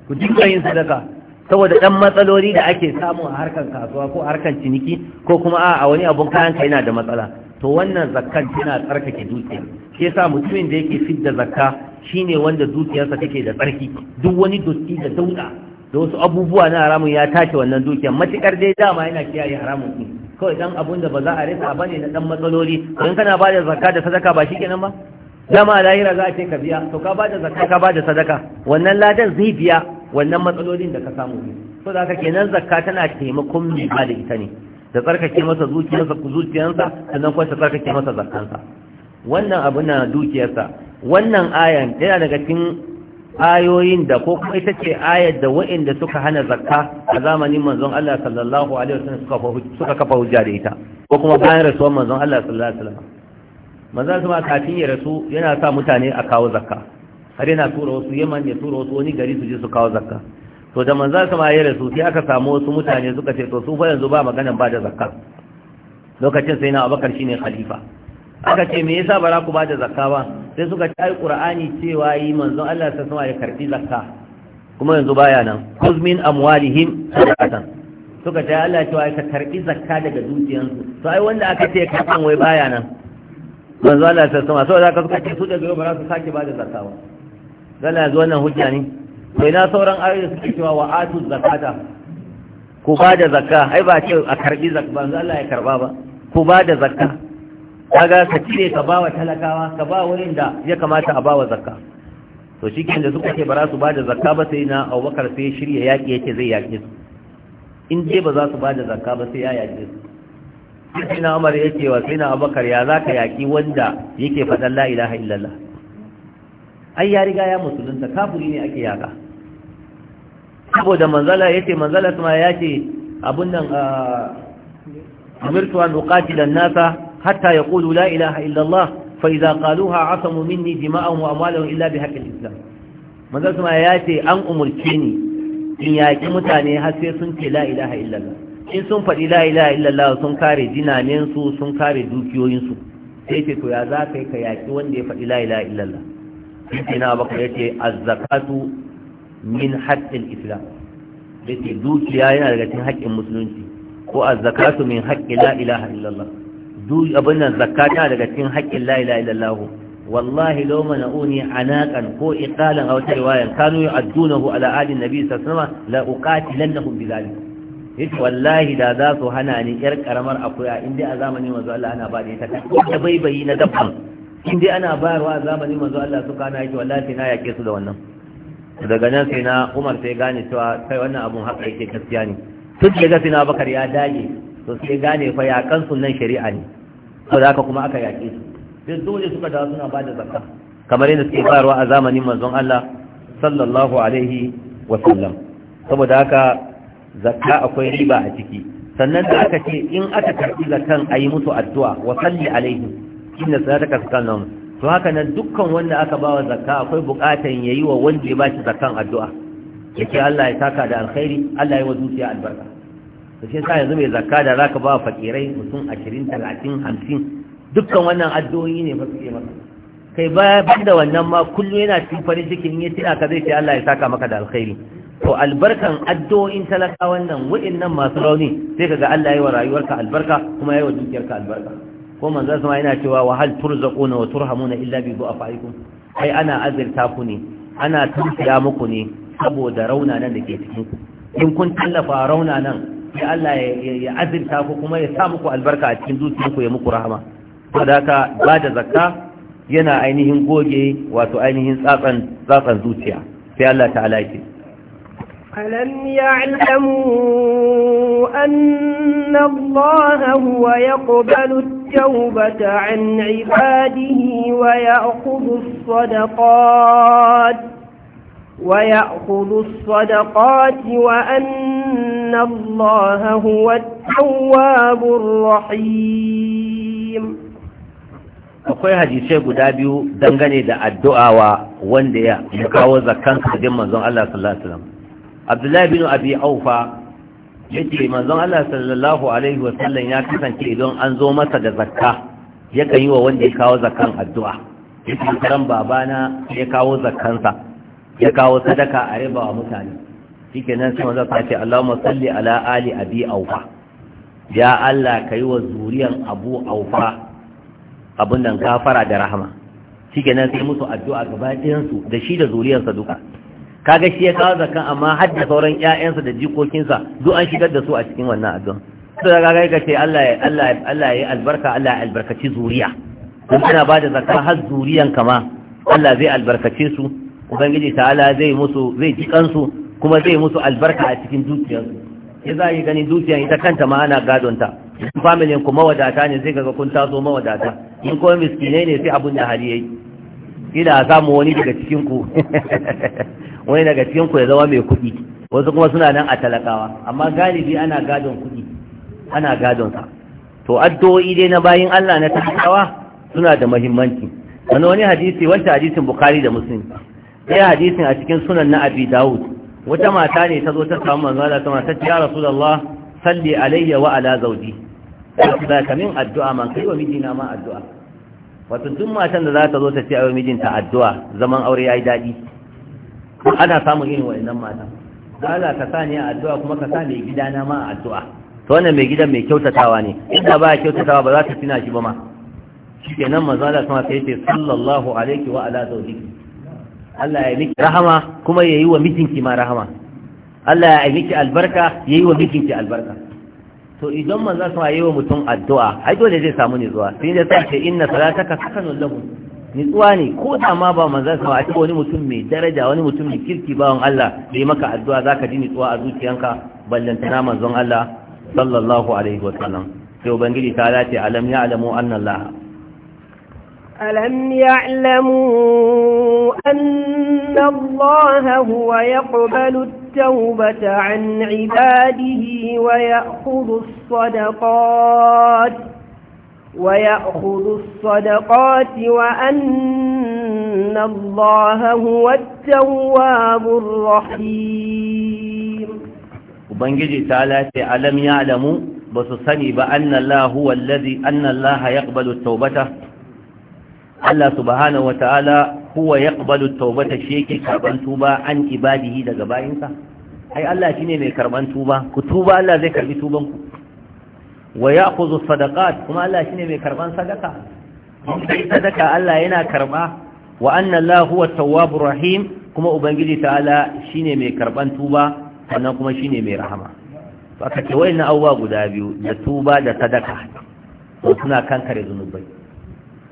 ku dinga yin sadaka saboda ɗan matsaloli da ake samu a harkar kasuwa ko harkar ciniki ko kuma a wani abun kayanka yana da matsala to wannan zakkan tana tsarkake dukiya Ke sa mutumin da yake fidda zakka shine wanda dukiyarsa take da tsarki duk wani dotti da dauda da wasu abubuwa na haramun ya tace wannan dukiya. matukar dai dama yana kiyaye haramun ɗin. kawai dan abun da ba za a rasa ne na dan matsaloli don kana ba da zakka da sadaka ba shi kenan ba dama lahira za a ce ka biya to ka ba da zakka ka ba da sadaka wannan ladan zai biya wannan matsalolin da ka samu ne so da kake nan zakka tana taimakon mai ba da ita ne da tsarkake masa zuciyarsa ku zuciyarsa sannan kuma ta tsarkake masa zakkansa wannan abu na dukiyarsa wannan ayan yana daga cikin ayoyin da ko kuma ita ce ayar da wa'inda suka hana zakka a zamanin manzon Allah sallallahu alaihi wasallam suka suka kafa hujja da ita ko kuma bayan rasuwar manzon Allah sallallahu alaihi wasallam manzon kuma kafin ya rasu yana sa mutane a kawo zakka har yana tura wasu yaman ya tura wasu wani gari su je su kawo zakka to da manzo ma yare su sai aka samu wasu mutane suka ce to su fa yanzu ba maganan ba da zakka lokacin sai na abakar shine khalifa aka ce me yasa bara ku ba da zakka ba sai suka ce ai cewa yi manzo Allah sai sama ya karbi zakka kuma yanzu baya nan kuz min amwalihim sadaqatan suka ce Allah cewa ya karbi zakka daga dukiyansu to ai wanda aka ce karban wai baya nan manzo Allah ta sama saboda haka suka ce su daga yau ba za su sake ba da zakka ba zana zuwa nan hujja ne Sai na sauran ayoyi suke cewa wa atu zakata ku ba da zakka ai ba ce a karbi zakka ba Allah ya karba ba ku ba da zakka kaga ka cire ka ba wa talakawa ka ba wurin da ya kamata a ba wa zakka to shi da suka ce ba za su ba da zakka ba sai na abubakar sai shirya yaƙi yake zai yaki su in dai ba za su ba da zakka ba sai ya yaki su sai na umar ya wa sai na abubakar ya zaka yaki yaƙi wanda yake faɗan la ilaha illallah ai ya riga ya musulunta kafiri ne ake yaka saboda manzala yace manzala kuma yace abun nan ah, amirtu an uqatila an-nasa hatta yaqulu la ilaha illa Allah fa idza qaluha asamu minni dima'ahum wa amwaluhum illa bi haqqi al-islam manzala kuma yace an umurce ni in yaki mutane har sai sun ce la ilaha illa Allah in sun faɗi la ilaha illallah sun kare dinanensu sun kare dukiyoyinsu sai ce to ya za ka yi ka yaƙi wanda ya faɗi la ilaha illallah ina baka yace azzakatu min haqqil islam yace dukiya yana daga cikin haƙƙin musulunci ko azzakatu min haqqi la ilaha illallah du abin nan zakata daga cikin haƙƙin la ilaha illallah wallahi law mana'uni anaqan ko iqalan aw taywayan kanu yu'addunahu ala ahli nabi sallallahu alaihi wasallam la uqatilannahum bidhalik yace wallahi da za su hana ni yar karamar akuya inda a zamanin wanzu Allah ana ba da ita ko da baibayi na dabban in dai ana bayarwa a zamanin manzo Allah su kana yake wallahi na yake su da wannan daga nan sai na Umar sai gane cewa kai wannan abun haka yake gaskiya ne tun da ga Bakar ya dage to sai gane fa ya kan shari'a ne Saboda haka kuma aka yake su sai dole suka dawo suna bada zakka kamar yadda suke bayarwa a zamanin manzon Allah sallallahu alaihi wa sallam saboda haka zakka akwai riba a ciki sannan da aka ce in aka karbi zakkan ayi musu addu'a wa salli alaihi inna sadaka sakanun to haka nan dukkan wanda aka bawa zakka akwai bukatan yayi wa wanda ya bashi zakkan addu'a yake Allah ya saka da alkhairi Allah ya wazuciya albarka to sai sai yanzu mai zakka da zaka ba fakirai mutum 20 30 50 dukkan wannan addu'o'i ne fa suke maka kai baya banda wannan ma kullu yana cikin farin cikin ya tina ka zai ce Allah ya saka maka da alkhairi to albarkan addu'o'in talaka wannan wa'annan masu rauni sai kaga Allah ya yi wa rayuwarka albarka kuma ya yi wa dukiyarka albarka ko manzon sama yana cewa wa hal turzaquna wa turhamuna illa bi du'afaikum ai ana azirta ku ne ana tafiya muku ne saboda raunanan da ke cikin ku in kun tallafa raunanan sai Allah ya azirta ku kuma ya sa muku albarka a cikin zuciyarku ya muku rahama saboda haka ba da zakka yana ainihin goge wato ainihin tsatsan zuciya sai Allah ta'ala ya ألم يعلموا أن الله هو يقبل التوبة عن عباده ويأخذ الصدقات ويأخذ الصدقات وأن الله هو التواب الرحيم akwai hadisai guda biyu dangane da addu'awa wanda ya kawo zakan kajin manzon Allah sallallahu Alaihi wasallam abdullahi bin abi aufa ce manzon Allah sallallahu alaihi wa sallam ya kasance idan an zo masa da zakka ya kan yi wa wanda ya kawo zakkan addu'a ce karan babana ya kawo zakkansa ya kawo sadaka a riba wa mutane shikenan sai manzon ta ce Allahumma salli ala ali abi aufa ya Allah ka yi wa zuriyan abu aufa abun nan gafara da rahama shikenan sai musu addu'a gaba ɗayan su da shi da zuriyansa duka kaga shi ya kawo zakan amma har da sauran ƴaƴansa da jikokinsa duk an shigar da su a cikin wannan addu'a to daga ga ka ce Allah ya Allah Allah ya albarka Allah ya albarkaci zuriya kun kana ba da zakka har zuriyan kama Allah zai albarkace su ubangiji ta'ala zai musu zai ji su kuma zai musu albarka a cikin dukiyarsu ke za yi gani dukiyar ita kanta ma ana gadonta familin ku mawadata ne sai kaga kun taso mawadata in kuma miskinai ne sai abun da hali yayi kila a samu wani daga cikin ku wani daga cikin ku ya zama mai kuɗi wasu kuma suna nan a talakawa amma galibi ana gadon kuɗi ana gadon sa to addu'o'i dai na bayin Allah na talakawa suna da muhimmanci wani wani hadisi wanda hadisin Bukhari da Muslim sai hadisin a cikin sunan na Abi Dawud wata mata ne ta zo ta samu manzo Allah ta mata ya Rasulullah salli alayya wa ala zawji da min addu'a man kai wa mijina ma addu'a wato duk matan da za ta zo ta ce a mijinta addu'a zaman aure yayi daɗi ana samun irin wa'annan mata Allah ka sa ni a addu'a kuma ka sa mai gidana ma a addu'a to wannan mai gidan mai kyautatawa ne inda ba kyautatawa ba za ta tuna shi ba ma shikenan manzo Allah kuma sai ce sallallahu alaihi wa ala zawjiki Allah ya miki rahama kuma yayi wa mijinki ma rahama Allah ya miki albarka yayi wa mijinki albarka to idan manzo Allah ya yi wa mutum addu'a ai dole zai samu ne zuwa sai ya sa ce inna salataka sakanun lahu nitsuwa ne ko da ma ba manzon sa a ce wani mutum mai daraja wani mutum mai kirki bawan Allah da yi maka addu'a ka ji nitsuwa a zuciyanka ballantana manzon Allah sallallahu alaihi wa sallam sai ubangiji ta dace alam ya alamu annan laha alam ya alamu annan laha huwa ya ƙubalu taubata an ibadihi wa ya ƙudu sadaqat ويأخذ الصدقات وأن الله هو التواب الرحيم وبنجي تعالى ألم يعلموا بس سني بأن الله هو الذي أن الله يقبل التوبة الله سبحانه وتعالى هو يقبل التوبة شيكي كربان توبة عن إباده لقبائنك أي الله شيني من كربان توبة كتوبة الله ذكر بتوبة wa ya'khudhu sadaqat kuma Allah shine mai karban sadaka sai sadaka Allah yana karba wa anna Allah huwa tawwabur rahim kuma ubangiji ta'ala shine mai karban tuba sannan kuma shine mai rahama to aka ce wayannan abubuwa guda biyu da tuba da sadaka to suna kankare zunubai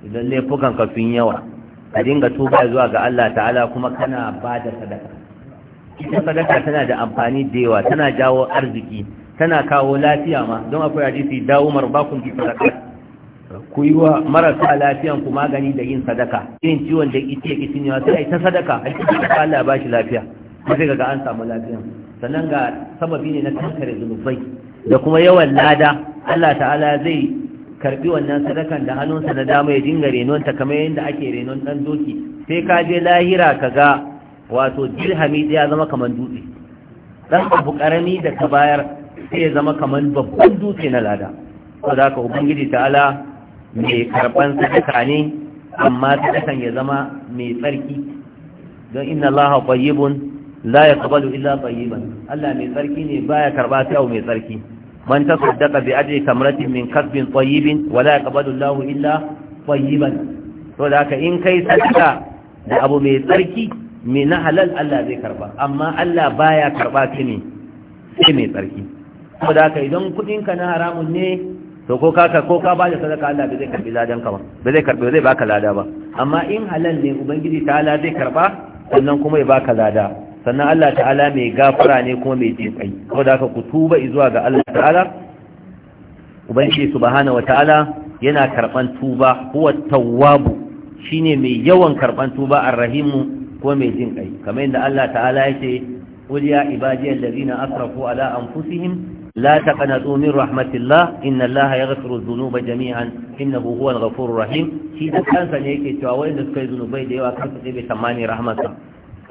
idan laifukan ka sun yawa ka dinga tuba zuwa ga Allah ta'ala kuma kana ba da sadaka ita sadaka tana da amfani da yawa tana jawo arziki tana kawo lafiya ma don akwai hadisi dawo marbakun fi sadaka ku yi wa marasa lafiyan ku magani da yin sadaka Yin ciwon da ita ya kitin yawa sai ta sadaka a cikin sadaka Allah ya bashi lafiya ba sai ga an samu lafiya sannan ga sababi ne na kankare zunubai da kuma yawan lada Allah ta'ala zai karbi wannan sadakan da hannunsa na dama ya dinga renon ta kamar yadda ake renon dan doki sai ka je lahira ka ga wato dirhami ya zama kamar dutse dan abu karami da ka bayar sai ya zama kamar babban dutse na lada ko da ka ubangiji ta'ala mai karban sadaka ne amma sadakan ya zama mai tsarki don inna allaha tayyibun la yaqbalu illa tayyiban Allah mai tsarki ne baya karba sai mai tsarki man tasaddaqa bi ajri tamratin min kasbin tayyibin wa la yaqbalu allahu illa tayyiban to da haka in kai sadaka da abu mai tsarki mai na halal Allah zai karba amma Allah baya karba ta ne sai mai tsarki saboda haka idan kudin ka na haramun ne to ko ka ko ka ba da sadaka Allah ba zai karbi ladan ka ba ba zai karbi zai baka lada ba amma in halal ne ubangiji ta'ala zai karba sannan kuma ya baka lada sannan Allah ta'ala mai gafara ne kuma mai jinkai saboda haka ku tuba zuwa ga Allah ta'ala ubangiji subhanahu wataala yana karban tuba huwa tawwabu shine mai yawan karban tuba rahim ko mai jin kai kamar yadda Allah ta'ala ya ce qul ya ibadi allazina asrafu ala fusihim. لا تقنطوا من رحمة الله إن الله يغفر الذنوب جميعا إنه هو الغفور الرحيم شيء ده كان سنيك تواوي ده سكاي ذنوبي ده وكان سنيك بتماني رحمته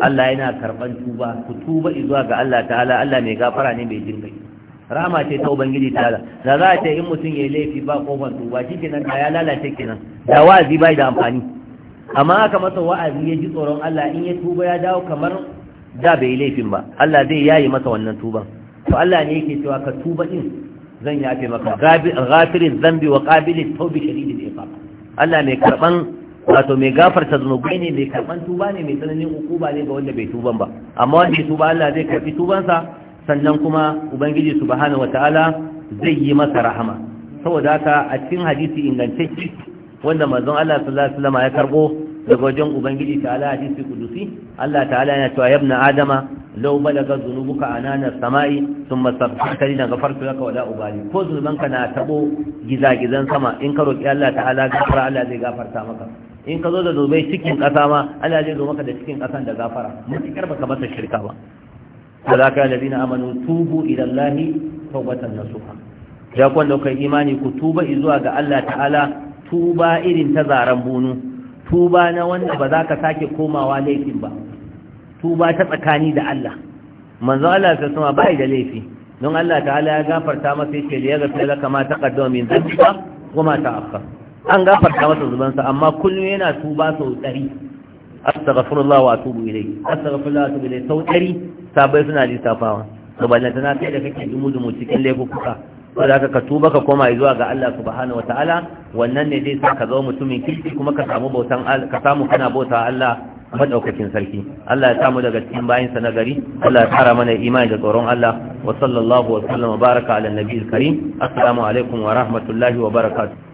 الله yana karban tuba ku tuba zuwa ga Allah ta'ala Allah mai gafara ne mai jin kai rahama ce ta ubangiji ta'ala da za ta in mutum yayi laifi ba kofar tuba shikenan ya lalace kenan da wa'azi bai da amfani amma aka masa wa'azi ya ji tsoron Allah in ya tuba ya dawo kamar da bai laifin ba Allah zai yayi masa wannan tuban to Allah ne yake cewa ka tuba din zan yafe maka ghafirin zambi wa qabilin tawbi shadidil iqab Allah mai karban wato mai gafarta zunubai ne mai karban tuba ne mai tsananin hukuma ne ga wanda bai tuban ba amma wanda ya tuba Allah zai karbi tubansa sannan kuma ubangiji subhanahu wataala zai yi masa rahama saboda haka a cikin hadisi ingantacce wanda manzon Allah sallallahu alaihi wasallam ya karbo daga wajen ubangiji ta'ala hadisi kudusi Allah ta'ala yana cewa yabna adama law balaga zunubuka a nanar samai thumma sabbatka lina ghafartu laka wala ubali ko zunubanka na tabo gizagizan sama in ka roƙi Allah ta'ala gafara Allah zai gafarta maka in ka zo da zunubai cikin ƙasa, ma Allah zai zo maka da cikin ƙasan da gafara mutakar baka masa shirka ba sadaka zina amanu tubu ila Allah tawbatan nasuha ya kwanda kai imani ku tuba zuwa ga Allah ta'ala tuba irin ta zaren bunu tuba na wanda ba za ka sake komawa laifin ba tuba ta tsakani da Allah manzo Allah ta sama bai da laifi don Allah ta'ala ya gafarta masa yake da ya sai laka ma taqaddama min dhanbika wa ma ta'akhkhar an gafarta masa zubansa amma kullum yana tuba sau dari astaghfirullah wa atubu ilayhi astaghfirullah wa atubu ilayhi sau dari sabai suna lissafawa to ballantana sai da kake dumu dumu cikin laifuka ba za ka tuba ka koma zuwa ga Allah subhanahu ta'ala wannan ne zai sa ka zama mutumin kirki kuma ka samu bautan ka samu kana bauta Allah madaukakin sarki Allah ya samu daga cikin bayin sa nagari Allah ya tsara mana imani da tsoron Allah wa sallallahu wa sallama baraka ala nabiyil karim assalamu alaikum wa rahmatullahi wa barakatuh